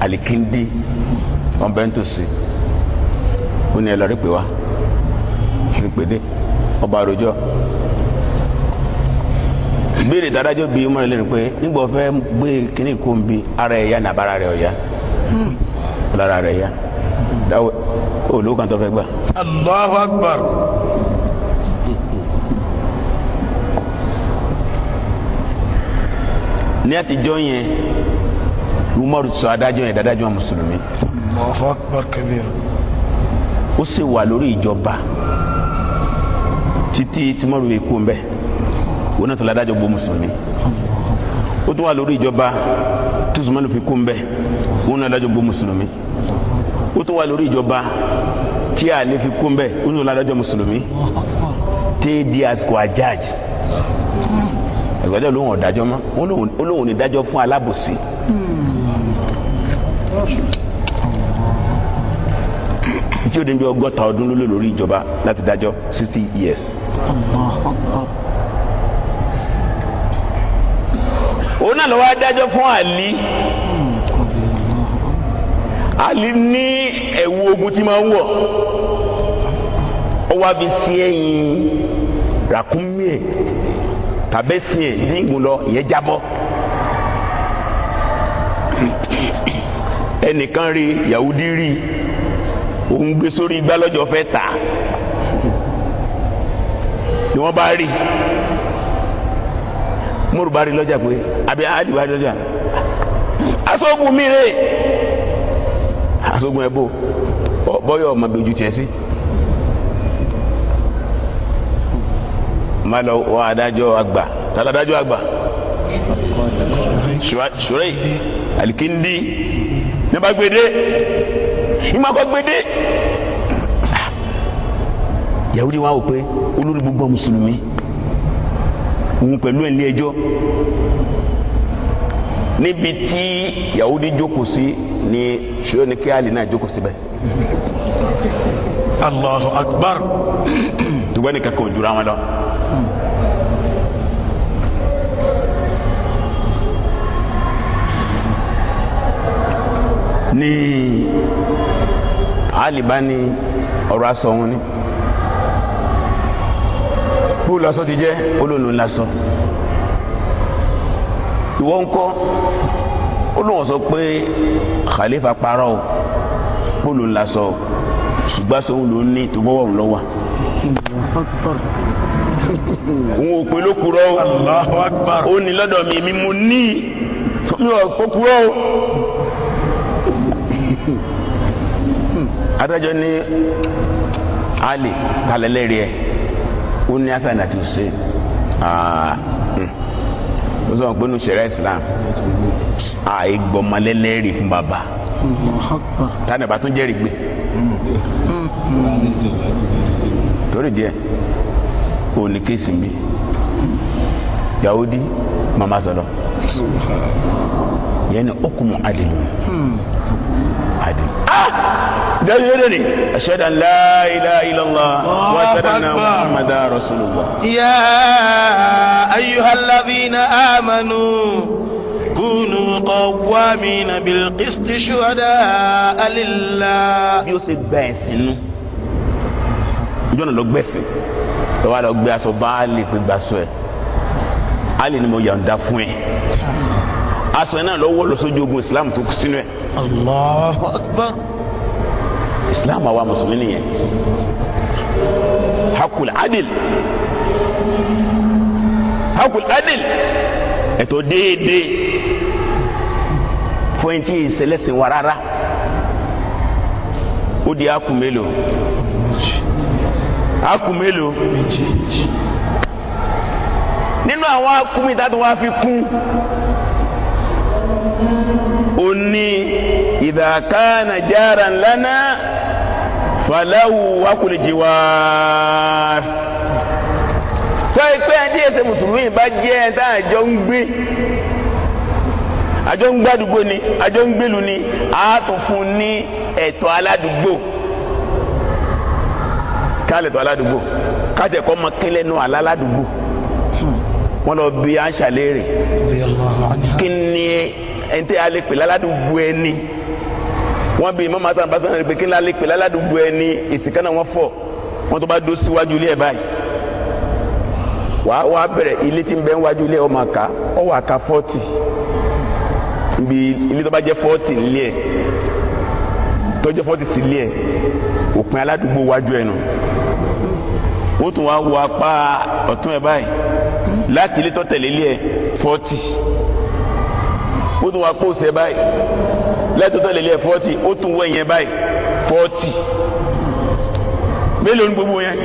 alikindi wọn bẹ ń tòsí ó ní ẹ lọ rí pé wá rí pé dé ọba àròjọ béèrè tàdájọ́ bíi mọ́ra lẹ́nu pé nígbà fẹ́ gbé kínní kó ń bi ara ẹ̀ ya ní abara rẹ̀ ọ̀ya hmm. lára rẹ̀ ya dáwọ́ olówó kan tó fẹ́ gbà. Allahu Akbar. ní àtijọ́ yẹn umaru sọ adájọ́ yẹn dádájọ́ mùsùlùmí. ó sì wà lórí ìjọba títí tìmọ̀rù ikú ń bẹ̀ wọn náà tó ládájọ́ gbó mùsùlùmí ó tún wà lórí ìjọba tùsùmọ́nù fi kú ń bẹ̀ wọn náà ládájọ́ gbó mùsùlùmí ó tún wà lórí ìjọba tí a lè fi kú ń bẹ̀ wọn náà ládájọ́ mùsùlùmí tẹ́ di àsìkò àjáàjì ẹgbẹ́jọ́ ló ń wọ̀n dájọ́ mọ́ ó lóun ní dájọ́ fún alábòsí tí ó dé bí ọgọ́ta ọdún ló lò lórí ìjọba láti dájọ́ sixty years. òun náà ló wá dájọ́ fún àlí àlí ní ẹ̀wù ogun tí máa ń wọ̀ ó wá fi sí ẹ̀yìn ràkúnmí ẹ̀ ẹ̀ ní ìgùn ìyẹn jábọ́. ẹnìkan rí yahudi rí òun gbé sórí igbá fẹ́ tà ni wọ́n bá rí mórù bá rí lọ́jà pé àbí àádì bá rí lọ́jà asógun mi rè asógun ẹ bò bọ́yọ̀ ọmọ bí ojú tiẹ̀ sí. má lọ wá adájọ́ àgbà tàlá adájọ́ àgbà ṣùrẹ́ alikindi nígbà gbèdé ìgbà kọ gbèdé yahudi wa wò pé olórí gbogbo mùsùlùmí òun pẹ̀lú ilé ẹjọ́ níbi tí yahudi jókòó sí ni ṣùgbọ́n ní kí alì náà jókòó síbẹ̀. Allahu akbar. tùgbọ́n ní kankan ò jura wọn lọ. ní àlìbá ni ọ̀rọ̀ aṣọ òun ni bóòlù aṣọ ti jẹ́ olóòlù lásọ ìwọ ń kọ́ olóòwò sọ pé khalifa parọ́ o bóòlù lásọ ṣùgbọ́n aṣọ òun ló ní tó bọ́wọ́ òun lọ́wọ́ òun ò pé ló kúrọ́ o ní lọ́dọ̀ mi mi mo ní mi ò pé kúrọ́ o. adájọ́ ní ali alẹ́lẹ́rì ẹ̀ ó hasan àti hussein ah, hmm. ó sọ pé nùsẹ̀rẹ̀ islam àìgbọ̀mọlẹ́lẹ́rì fún tani bàbá tún jẹ́rìí gbé torí díẹ̀ òní kéésì mi yahudi mama sọlọ yẹn okumu adilu hmm. ah! dájúdájú ni ashhadu an la ilaha illallah wa ashhadu anna muhammadar rasulullah. ya ayyuhal ladhina amanu kunu qawwamina bil qisti shuhada'a lillah. bí ó ṣe gbà ẹ̀sìn nù ìjọ náà lọ gbẹ̀sìn lọ́wọ́ àlọ́ gbé aṣọ báàlì pé gbàṣọ ẹ̀ àlè ni mo yàǹda fún ẹ̀ aṣọ náà lọ sójú ogun islam tó kú sínú ẹ̀. Allahu akbar islam àwa mùsùlùmí nìyẹn hakul adil hakul adil ẹ̀tọ́ déédéé fún ẹni tí ìṣẹlẹsìn wa rárá ó di akun mélòó akun mélòó fi kún ó ní ìdàkánà jára ńláná fàlàwù wákùlẹ̀jìwà tó ẹ pé ẹni tí èsè mùsùlùmí bá jẹ́ ẹ tá àjọ ń gbé àjọ ń gbàdúgbò ni àjọ ń gbèlú ni àátò fún ní ẹ̀tọ́ aládùúgbò kálẹ̀ tó aládùúgbò kájẹ̀ kọ́ mọ kílẹ̀ nù aládùúgbò wọn lọ bí àṣà kí ni ẹni tẹ́ alẹ́ pè láládùúgbò ẹni wọ́n bí mọ́mọ́ asan basan rẹ̀ pé kí n lálẹ́ pè láládùúgbò ẹni èsì kan náà wọ́n fọ̀ wọ́n tó bá dó síwájú ilé ẹ̀ báyìí wàá wàá bẹ̀rẹ̀ ilé tí ń bẹ níwájú ilé ọmọ àká ọwọ́ àká fọ́ọ̀tì ibi ilé tó bá jẹ́ fọ́ọ̀tì nílé ẹ̀ tó sí ilé òpin aládùúgbò wájú ẹ̀ nù ó tún wá wọ apá ọ̀tún ẹ̀ báyìí láti ilé tó tẹ̀lé ilé ẹ̀ ó tún wá pòsè báyìí lẹ́tọ̀tọ̀ lè lé fọ́tì ó tún wọ ìyẹn báyìí fọ́tì mélòó ní gbogbo yẹn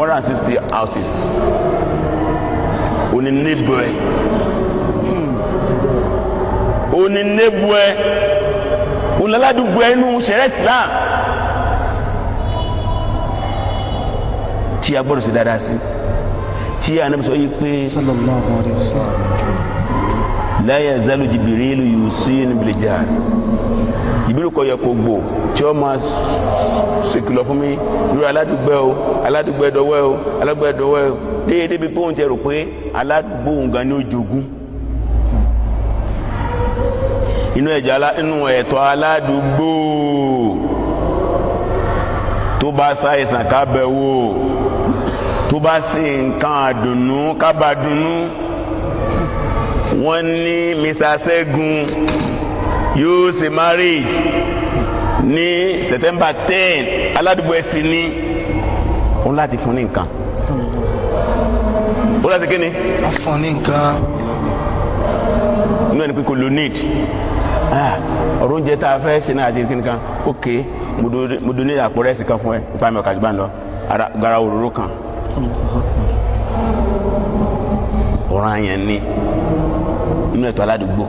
one and sixty houses òní níbo ẹ òní níbo ẹ ònàládùúgbò ẹ nù sẹ̀rẹ̀ Islam. tí a gbọ́dọ̀ sí dáadáa sí tí a nàbẹ̀sọ̀ yìí pé la yazalu jibirilu yusinu bil jahl jibirilu kọ yẹ kó gbò tí ó máa ṣèkìlọ̀ fún mi lórí aládùúgbò o aládùúgbò ẹdọwẹ o aládùúgbò ẹdọwẹ o déédéé bí pọ́ùn tẹ rò pé aládùúgbò nǹkan ni ó jogún inú ẹ̀jẹ̀ inú ẹ̀tọ́ aládùúgbò tó bá ṣàìsàn ká bẹ̀ wò tó bá ṣe nǹkan àdùnnú ká bá dùnnú wọ́n ní Mr. Ṣẹ́gun yóò ṣe marriage ní September ten aládùúgbò ẹ̀sìn ní òun láti fún ní nǹkan ó láti kí ni. wọ́n fún ní nǹkan. inú ẹni pé kò lo need ah, ọ̀rọ̀ oúnjẹ tá a fẹ́ ṣe náà àti kí nìkan ok mo do need àpò rẹ́sì kan fún ẹ ipa mi ọ̀kadì bá ń lọ gara òróró kan ọ̀ràn yẹn ni inú ẹ̀tọ́ aládùúgbò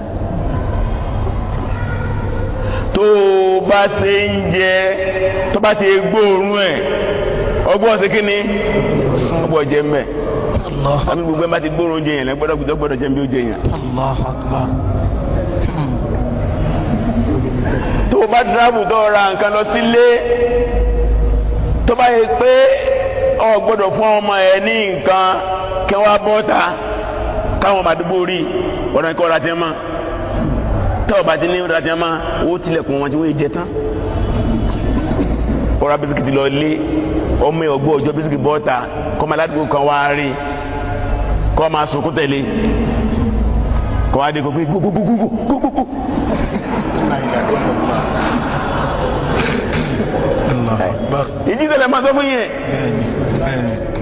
tó bá ṣe ń jẹ tó bá ṣe gbóòórùn ẹ̀ ọgbọ́n ṣe kí ni ọgbọ́n jẹ mẹ́ àmì gbogbo ẹ̀ bá ti gbóòórùn jẹ yẹn lẹ́gbọ́dọ̀ gbọ́dọ̀ gbọ́dọ̀ jẹ bí ó jẹ yẹn. Hmm. tó bá dúrábù tó ra nǹkan lọ sílé tó bá yẹ pé ọ gbọ́dọ̀ fún ọmọ ẹ ní nǹkan kẹwàá bọ́ta táwọn ọmọ àdúgbò rí ọ̀rọ̀ nǹkan ọ̀rọ̀ àti ẹ̀ mọ́ tọ́ ọba ti ní ọ̀rọ̀ àti ẹ̀ mọ́ ó tilẹ̀kùn wọn tí wọ́n jẹ tán ọ̀rọ̀ bisikíìtì lọ lé ọmọ ọgbọ́n ọjọ́ bisikíìtì bọ́ta kọ́ máa ládùúgbò kan wá rí kọ́ máa sunkún tẹ̀lé kọ́ wá dé kó pé gbogbogbogbogbogbogbò. ìjísẹ̀lẹ̀ máa sọ fún yẹn.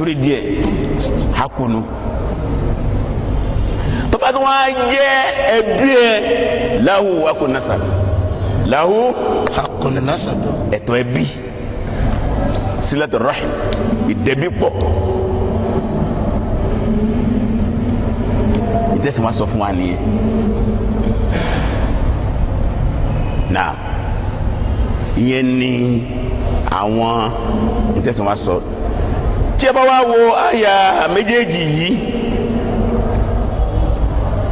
torí díẹ̀ hakunu tọ́ba tó wá jẹ́ ẹbí ẹ lahu hakun nasab lahu hakun nasab ẹ̀tọ́ ẹbí silatu rahim ìdẹ́bí pọ̀ ìtẹ́sí wọn sọ fún wa nìyẹn náà ìyẹn ni àwọn ìtẹ́sí wọn sọ. So tí a bá wá wo àyà méjèèjì yìí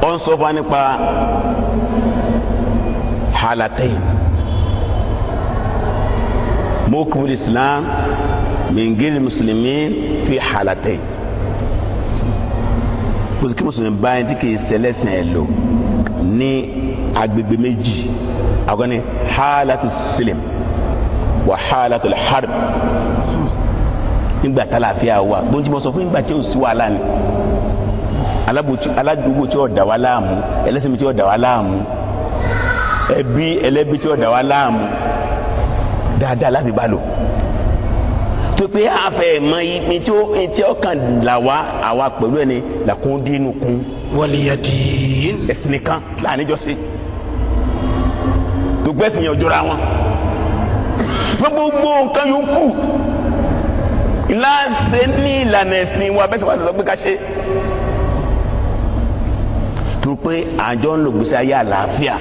ó ń sọ fún wa nípa halatayin mokumul islam mingiri musulmi fi halatayin kòsìkí musulmi báyìí tí kì í ṣẹlẹ́sìn ẹ̀ lò ní agbègbè méjì àgọ́ni halatu silim wa halatu harb nígbà tálàfíà wà gbọ́n tí mo sọ fún nígbà tí ò sí wàhálà ni aládùúgbò tí ò dà wá láàmú ẹlẹ́sìn mi tí ò dà wá láàmú ẹbí ẹlẹ́bí tí ò dà wá láàmú dáadáa láfi bá lò tó pé àfẹ mọ ibi tí ó tí ó kàn là wá àwa pẹ̀lú ẹni làkún dínú kún. wàlíyà dín. ẹ̀sìn nìkan láàánú jọ́sìn tó gbẹ́sìn yẹn ojúra wọn gbogbo nǹkan yòókù láàṣẹ ní ìlànà ẹ̀sìn wa bẹ́sẹ̀ wàá sọ pé ká ṣe tó pé àjọ ń lò gbèsè ayé àlàáfíà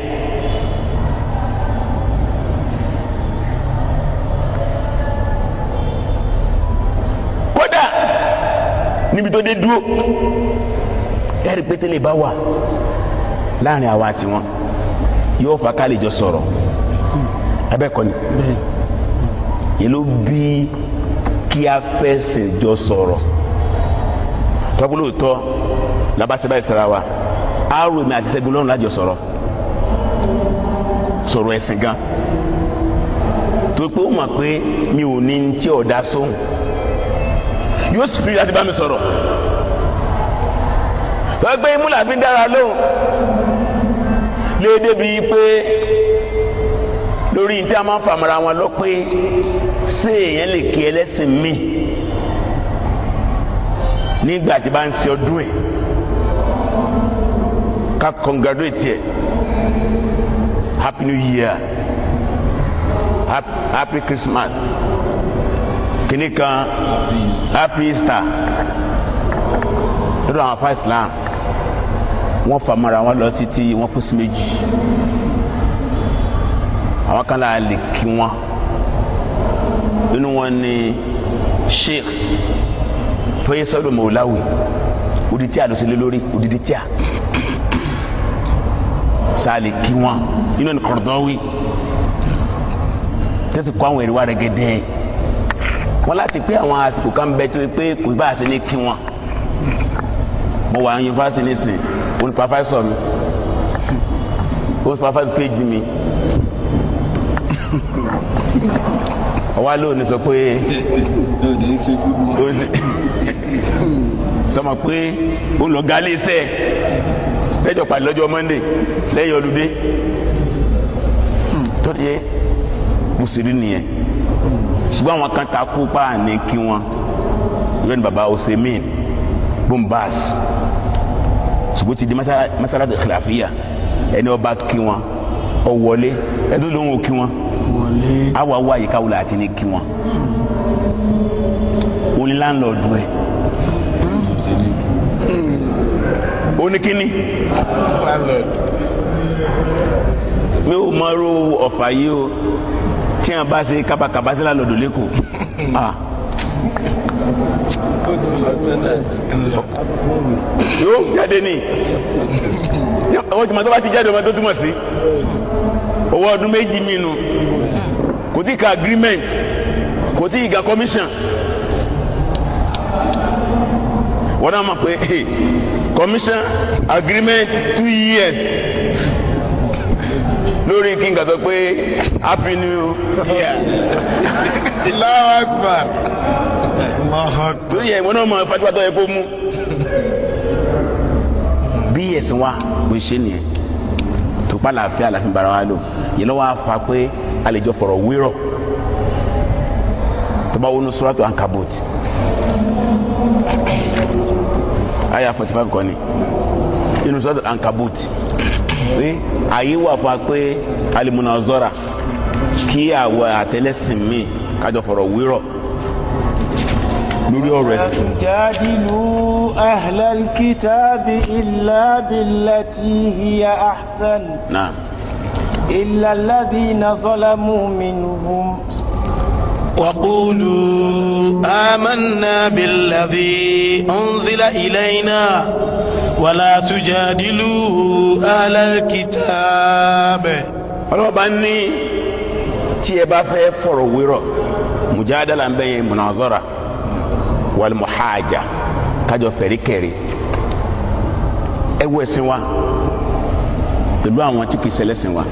kódà níbi tó dé dúró ẹ̀rí pété lè bá wà láàrin àwa àti wọn yóò fa ká sọ̀rọ̀ abẹ́kọ̀ yìí ló bí kí a fẹsẹ̀ jọ sọ̀rọ̀ tọ́gbọ́n òótọ́ labasẹ́ báyìí sara wa aro mi àti sẹ́gun lọ́run lájọ sọ̀rọ̀ sọ̀rọ̀ ẹ̀sìn gan tó pé ó mọ̀ pé mi ò ní tí ọ̀dà sóhùn yóò sì fi láti bá mi sọ̀rọ̀ tọ́gbẹ́ imúlà fi dára lóhùn Léde bíi pé lórí tí a máa ń famara wọn lọ pé ṣé èèyàn lè kí ẹlẹ́sìn mi nígbà tí bá ń ṣe ọdún ẹ̀ ká congratulate ẹ̀ happy new year happy christmas kìnnì kan happy easter lọ́dọ̀ àwọn apá islam wọ́n famara wọn lọ títí wọ́n kú sí méjì àwọn kan là lè kí wọn nínú wọn ni sheikh tóyè sọdọ mọláwì odidi àlùsílẹ lórí odidi tíà sáàlì kí wọn nínú ni kọrọdọwì tẹsí kó àwọn èrè wa rẹ gẹdẹ wọn láti pé àwọn àsìkò kan bẹ tó pé kò bá a ṣe ní kí wọn mo wà yunifásitì nísìnyí onípa fásitì mi onípa fásitì péjì mi ọwọ́ alẹ́ òní sọ pé sọmọ pé ó lọ gálé iṣẹ́ lẹ́jọ́ pàdé lọ́jọ́ Monday lẹ́yìn ọlùdé tọ́lẹ̀ yẹ mùsùlùmí nìyẹn ṣùgbọ́n àwọn kan ta kú pa ní kí wọn ìwé ni baba Bombas ṣùgbọ́n ti di masalasi khilafiya ẹni ọba kí wọn ọ wọlé ẹni tó lóun kí wọn àwa wá àyíká wò láti ní kí wọn ó hmm. ní láńlọ́ọ̀dù ẹ̀ ó hmm. ní kíní mi ò mọ irú ọ̀fà yìí o tí wọn bá ṣe kábàkàbà sí láńlọ́ọ̀dù lẹ́kọ̀ọ́ hmm. yóò jáde ní owó tí tó bá ti jáde ọmọ tó túmọ̀ sí owó ọdún méjì mí kò tí ka agreement kò tí ìga commission wọ́n náà mọ̀ pé hey, commission agreement two years lórí kí n kà pé happy new year. Allahu Akbar. lórí ẹ̀ wọ́n náà mọ̀ fatiwa tó yẹ kó mú. bí ẹ̀sìn wa kò ṣe nìyẹn tó pa làáfíà làáfíà bára wa lò yìí lọ́wọ́ a fà pé a lè jọ fọ̀rọ̀ wérọ̀ tó bá wọnú suratu ankabut aya forty five kọ́ni inú suratu ankabut ní àyè wà fún wa pé alimunazora kí àwọ àtẹlẹsìn mi kájọ fọ̀rọ̀ wérọ̀ lórí ọ̀rọ̀ ẹ̀sìn. jadilu ahlal kitabi illa billati hiya ahsan. naam. إلا الذين ظلموا منهم وقولوا آمنا بالذي أنزل إلينا ولا تجادلوا أهل الكتاب ọlọ́ba ní tí ẹ bá fẹ́ fọ̀rọ̀ wérọ̀ mujadala ń bẹ yẹn munazara wal muhaja kájọ fẹ̀rí kẹ̀rí ẹ wọ ẹ̀sìn wa pẹ̀lú àwọn tí kì í ṣẹlẹ̀ sìn wa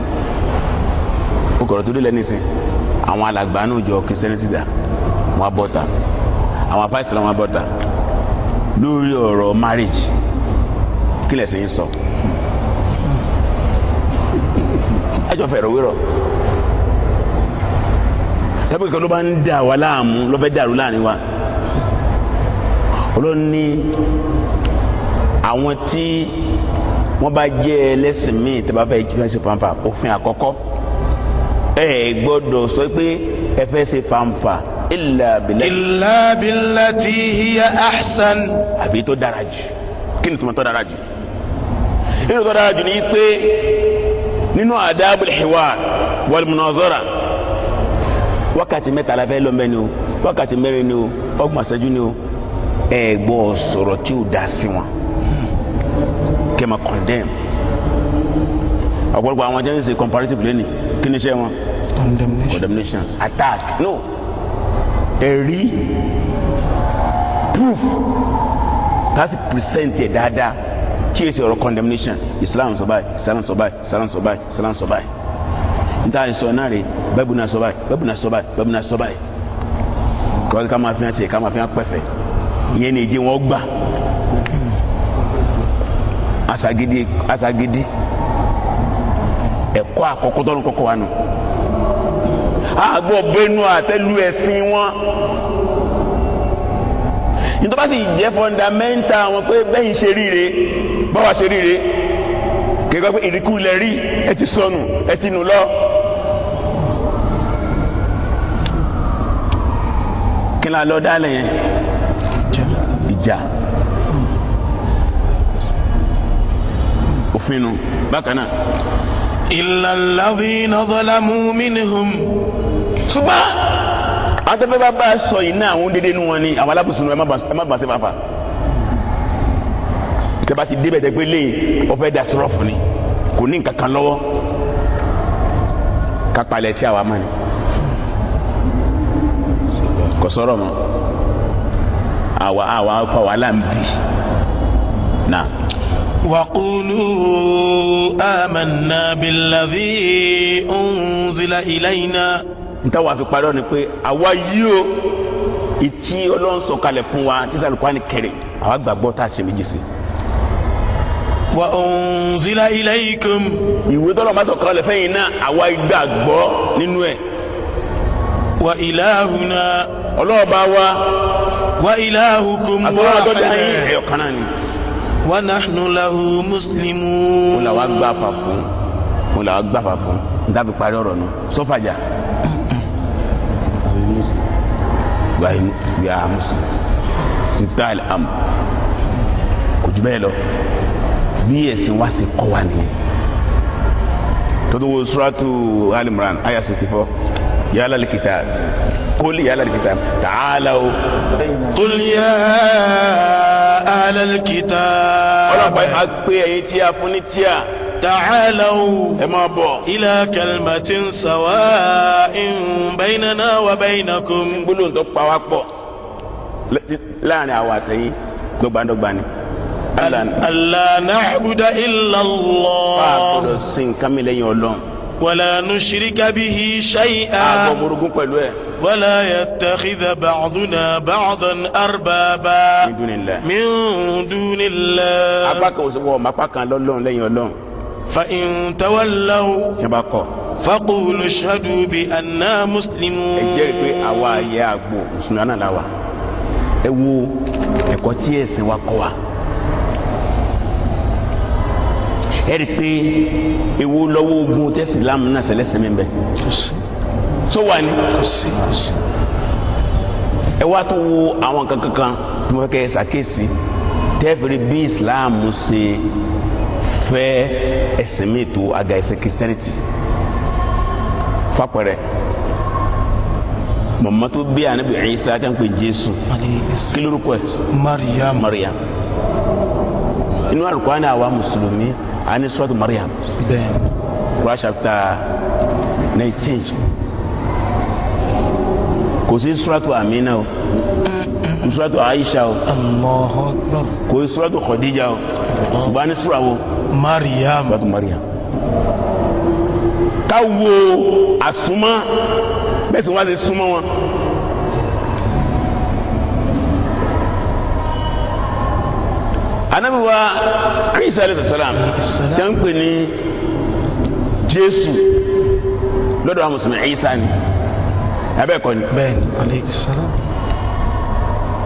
ó kọ̀rọ̀ tó dé lẹ́nu ìsìn àwọn alàgbà náà jọ kìsẹ́nìtì dà wọn bọ́ta àwọn afáìsìlẹ̀ wọn bọ́ta lórí ọ̀rọ̀ marriage kí lẹ̀sìn yín sọ ẹ jọ fẹ̀rọ wérọ̀ tẹ́bí kan ló bá ń dà wá láàmú ló fẹ́ dàrú láàrin wa olóòn ní àwọn tí wọ́n bá jẹ́ ẹlẹ́sìn míì tẹ́ bá fẹ́ jẹ́ ẹlẹ́sìn pàmpà òfin àkọ́kọ́ ẹ gbọ́dọ̀ sọ pé ẹ fẹ́ ṣe fanfa illa billati. illa billati hiya ahsan. àbí tó dára jù kí ni tuma tó dára jù nínú tó dára jù ni pé nínú adabul hiwar wal wákàtí mẹ́ta la fẹ́ lọ́mọ ni o wákàtí mẹ́rin ni o ọgbọ̀n ṣẹ́jú ni o ẹ gbọ́ sọ̀rọ̀ tí o da sí wọn kẹ́mà condemn ọ̀pọ̀lọpọ̀ àwọn jẹ́ ń ṣe comparative lẹ́nìí kí wọn. condemnation condemnation attack no ẹ̀rí proof kasi present yẹ dáadáa chase yẹ ọ̀rọ̀ condemnation islam sọ báyìí islam sọ báyìí islam sọ báyìí islam sọ báyìí n ta sọ náà rè bẹ́ẹ̀ bu náà sọ báyìí bẹ́ẹ̀ bu náà sọ báyìí bẹ́ẹ̀ bu sọ báyìí kọ́ni ká máa fi hàn sí ká máa fi hàn pẹ́fẹ́ ìyẹn ní ìdí wọn gbà asagidi asagidi ẹ̀kọ́ àkọ́kọ́ tọ́lọ́ kọ́kọ́ wa nù àgbọ̀ bẹnu àtẹ́lu ẹ̀sìn wọn nítorí bá sì jẹ́ fọ́ndámẹ́ńtà wọn pé bẹ́yìn ṣe ríire báwa ṣe ríire kéka pé ìrìkú lẹ rí ẹ ti sọnù ẹ ti nù lọ. kí ni a dálẹ̀ yẹn ìjà òfin nu bákan náà ìlànlọ́dí nọ́dọ́lámú mínihùn. ṣùgbọ́n àtẹ́fẹ́ bá bá sọ yìí náà àwọn dédé nu wọn ni àwọn alábùsùn ẹ má bà sí fàfà. tẹ́ bá ti débẹ̀ tẹ́ pé léyìn ọ̀fẹ́ da sọ́rọ̀fù ni kò ní nǹkan kan lọ́wọ́ kápálẹ̀ tí a wà mọ́ ni kò sọ̀rọ̀ mọ́ àwa àwa fà wàhálà ń وقولوا آمنا بالذي أنزل إلينا nta wàá fi parọ́ ni pé àwa yìí o ìtì ọlọ́run sọ̀kalẹ̀ fún wa tí sàlùkùránì kẹrẹ̀ àwa gbàgbọ́ tá a ṣe méjì sí. wa unzila ilaykum. ìwé tọ́lọ̀ máa sọ̀kalẹ̀ fẹ́yìn náà àwa gbàgbọ́ nínú ẹ̀. wa ilahuna. ọlọ́ọ̀bá wa. wa ilahukum wahid. àtọ́lọ́wọ́ tó dé ẹ̀yìn ẹ̀yọ̀kan náà ni. Wanahnu nahnu lahu muslimun. mo là wá gbà fà fún mo là wá gbà fà fún n tàbí parí ọ̀rọ̀ nù sọ́fàjà ibrahim bi a musu titaali am kò jù bẹ́ẹ̀ lọ bí ẹ̀sìn wa ṣe kọ́ wa nìyẹn tọ́dúnwó suratu alimran aya sixty four yálà likita kólí yálà likita tààlà o. kólí ahlal kitab. ọlọ́pàá a pé ẹ̀yin tí a fún ní tíà. تعالوا إلى كلمة سواء بيننا وبينكم gbólóhùn tó pa wá pọ̀ láàrin àwa àtẹ̀yin dọ́gbandọ́gba ni. Allah na'budu illa Allah. a gbọ́dọ̀ sìn kámi lẹ́yìn Ọlọ́run wala nushrika bihi shay'a. a gbọ́ burúkú pẹ̀lú ẹ̀. wala yattakhidha ba'duna ba'dan arbaba. min dunillah. min dunillah. apá kan òsèwọ́ ọmọ apá kan lọ́lọ́run lẹ́yìn ọlọ́run. fa in tawallaw. tiẹ̀ bá faqulu ashhadu bi anna muslimun. ẹ jẹ́rìí pé àwa yẹ àgbo mùsùlùmí náà la wa. ẹ wo ẹ̀kọ́ tí wa kọ́ wa. ẹ̀rí pé ewu lọ́wọ́ ogun tẹ́sí láàmú náà sẹlẹ́sẹ̀ mi bẹ́ tó wà ní. ẹ wá tó wo àwọn kankan kan tí mo fẹ́ kẹ́ ẹ ṣàkíyèsí tẹ́fìrí bí Islam ṣe fẹ́ ẹ̀sìn mi tó àga ẹ̀sìn Christianity fapẹ̀rẹ̀ mọ̀mọ́ tó bí ànábì Ìsá tí wọ́n pè Jésù kí ẹ̀ Mariam inú àlùkò àná àwa mùsùlùmí ani suratu mariam Quran chapter nineteen kò sí suratu amina o kò sí suratu aisha o kò sí suratu khadija o ṣùgbọ́n ní sura wo mariam suratu mariam ká wo àsúnmọ́ bẹ́ẹ̀ sì wa sí súnmọ́ wa. anabi wa Isa alayhi salam tí a ń pè ní Jésù lọ́dọ̀ àwọn mùsùlùmí Isa ni abẹ́ kọ́ni. bẹ́ẹ̀ni alayhi salam.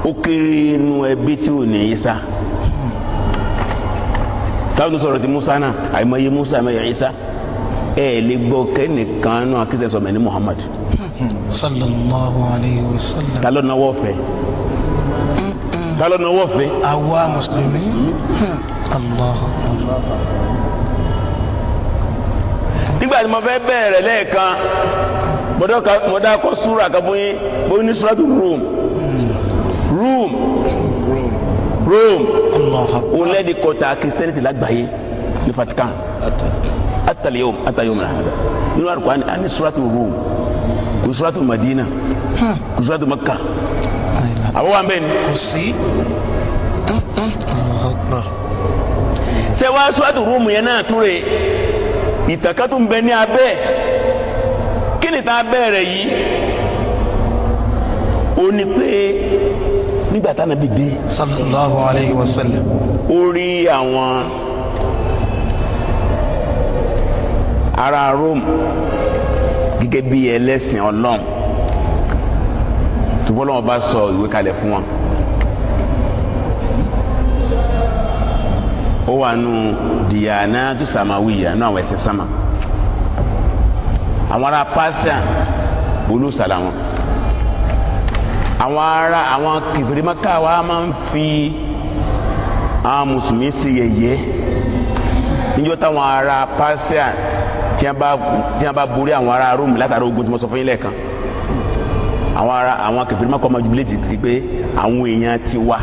ó kéré inú ẹbí tí ò ní Isa táwọn sọ̀rọ̀ ti Musa náà àìmọye Musa àìmọye Isa ẹ lè gbọ́ kẹ́nìkan náà kí sẹ́sọ̀mẹ́ ní Muhammad. Hmm. sallallahu alayhi wa sallam. ta ló náwó fẹ́ ta ló náwó fẹ́. àwa mùsùlùmí hmm. Allahu Akbar. nígbà tí mo fẹ́ bẹ̀rẹ̀ lẹ́ẹ̀kan mo dákọ̀ súra kan bóyá bóyá ní súra tó Rum Rum Rum òun lẹ́ẹ̀dì kọta Christianity lágbàáyé ní Vatican ataliyom atayom na nínú àrùkọ àni suratu Rum kò suratu Madina hmm. kò suratu Makkah àbọ̀ wà mbẹ́ni. kò sí. ṣé wàá sọ́ọ́tù rúùmù yẹn náà túre ìtàkàtù ń bẹ ní abẹ́ kí ni tá a bẹ̀rẹ̀ yìí ó ní pé nígbà tá a nàbí dé. sallallahu alayhi wa sallam. ó rí àwọn ará Rome gẹ́gẹ́ bí ẹlẹ́sìn ọlọ́run. tubọ́lọ́wọ́n bá sọ ìwé kalẹ̀ fún o ó wà nù dìyànà tó sàmáwìyà nù àwọn ẹ̀sẹ̀ sàmà àwọn ará pásá olùsàlà wọn àwọn ará àwọn kìfèrè wa máa ń fi àwọn mùsùlùmí sí yẹ̀yẹ́ níjọ́ táwọn ará pásá tí wọ́n bá borí àwọn ará róòmù látara ogun tí mo àwọn ará àwọn kẹfìrí mọ́kọ́ ọmọ jubilé ti di pé àwọn èèyàn ti wá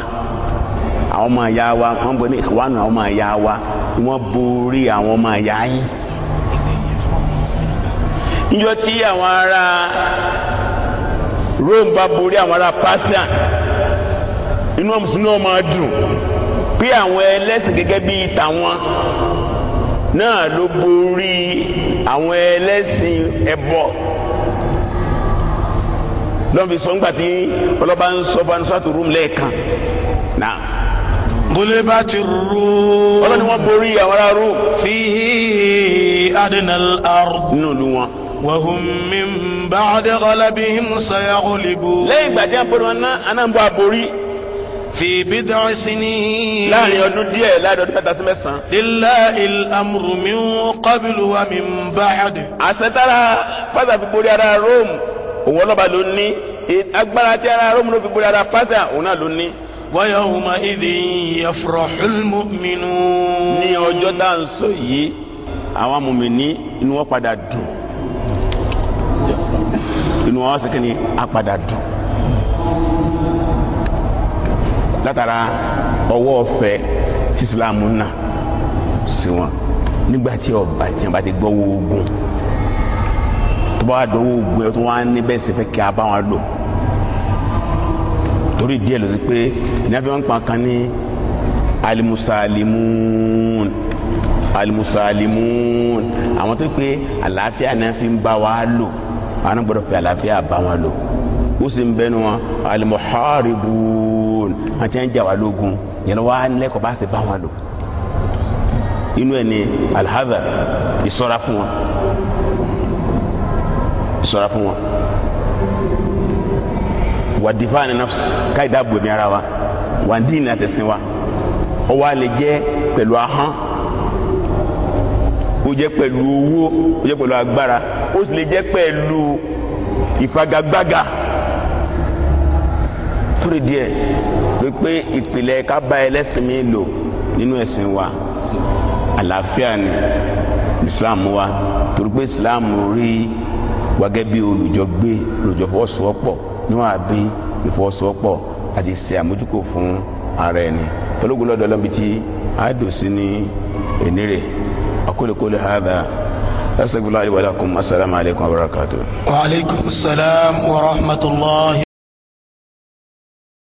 àwọn ọmọ ìyá wa wọ́n bọ̀ ní ìwánu àwọn ọmọ ìyá wa ni wọ́n borí àwọn ọmọ ìyá yín. níjọ́ tí àwọn ará Rome bá borí àwọn ará Persian inú ọmọsùnú ọmọ dùn pé àwọn ẹlẹ́sìn gẹ́gẹ́ bíi tàwọn náà ló borí àwọn ẹlẹ́sìn ẹbọ lọ́n fi sọ ńgbà tí ọlọ́ba ń sọ fanisátò rúm lẹ́ẹ̀kan na. bùlẹ́bà ti rú. ọlọ́ni wọn borí àwọn ará rú. fihi adinal ard. nínú ìlú wọn. wàhùn mi bá ọdẹ ọlọ́bí musayago libu. lẹ́yìn ìgbà tí a borí wọn náà aná ń bọ́ àborí fi bidɔn sini. láàrin ọdún díẹ̀ láàrin ọdún mẹ́ta sí mẹ́sàn-án. lillahi al-amru min qablu wa min ba'd. àṣetara pàtàkì borí ara rome òun ọlọ́ba ló ní agbára tí ara rómù ló fi borí ara pásá òun náà ló ní. wa yawma idhin yafrahul mu'minun. ní ọjọ́ tá à ń sọ yìí àwọn mùmíní inú wọn padà dùn inú wọn sì kìíní á padà dùn látara ọwọ́ ọ̀fẹ́ tí Islam náà sí wọn nígbà tí ọba tí bá ti gbọ́ wo tó bá wà dọ́wọ́ ogun ẹ̀ tó wà ní bẹ́ẹ̀ sì fẹ́ kí a bá wọn lò torí díẹ̀ ló ti pé ní afẹ́ wọn pa kan ní alimusalimun alimusalimun àwọn tó pé àlàáfíà náà fi ń bá wa lò àwọn gbọ́dọ̀ fi àlàáfíà bá wọn lò ó sì ń bẹnu wọn alimuharibun àti ẹn jà wá lógun yẹn wá lẹ́kọ̀ọ́ bá sì bá wọn lò inú ẹ̀ ní alhazar ìṣọ́ra fún wọn sọ̀rọ̀ fún wọn wà dìfà ní nọ́ọ̀sì dáàbò ẹ̀mí ara wa wà dín ní àtẹ̀sìn wa ó wá lè jẹ́ pẹ̀lú ahọ́n ó jẹ́ pẹ̀lú owó ó jẹ́ pẹ̀lú agbára ó sì lè jẹ́ pẹ̀lú ìfagagbága fúri díẹ̀ ló pé ìpìlẹ̀ ká bá mi lò nínú ẹ̀sìn wa àlàáfíà ni Islam wa torí pé Islam rí i wàgẹ́ bí olùjọ gbé olùjọ fọwọ́sowọ́pọ̀ níwọ̀n àbí ìfọwọ́sowọ́pọ̀ àti ṣe àmójúkò fún ara ẹni ológun lọ́dọ̀ ọlọ́bi tí a dò sí ní ènìrè akólekóle hadha astaghfirullah wa lakum assalamu alaykum wa barakatuh.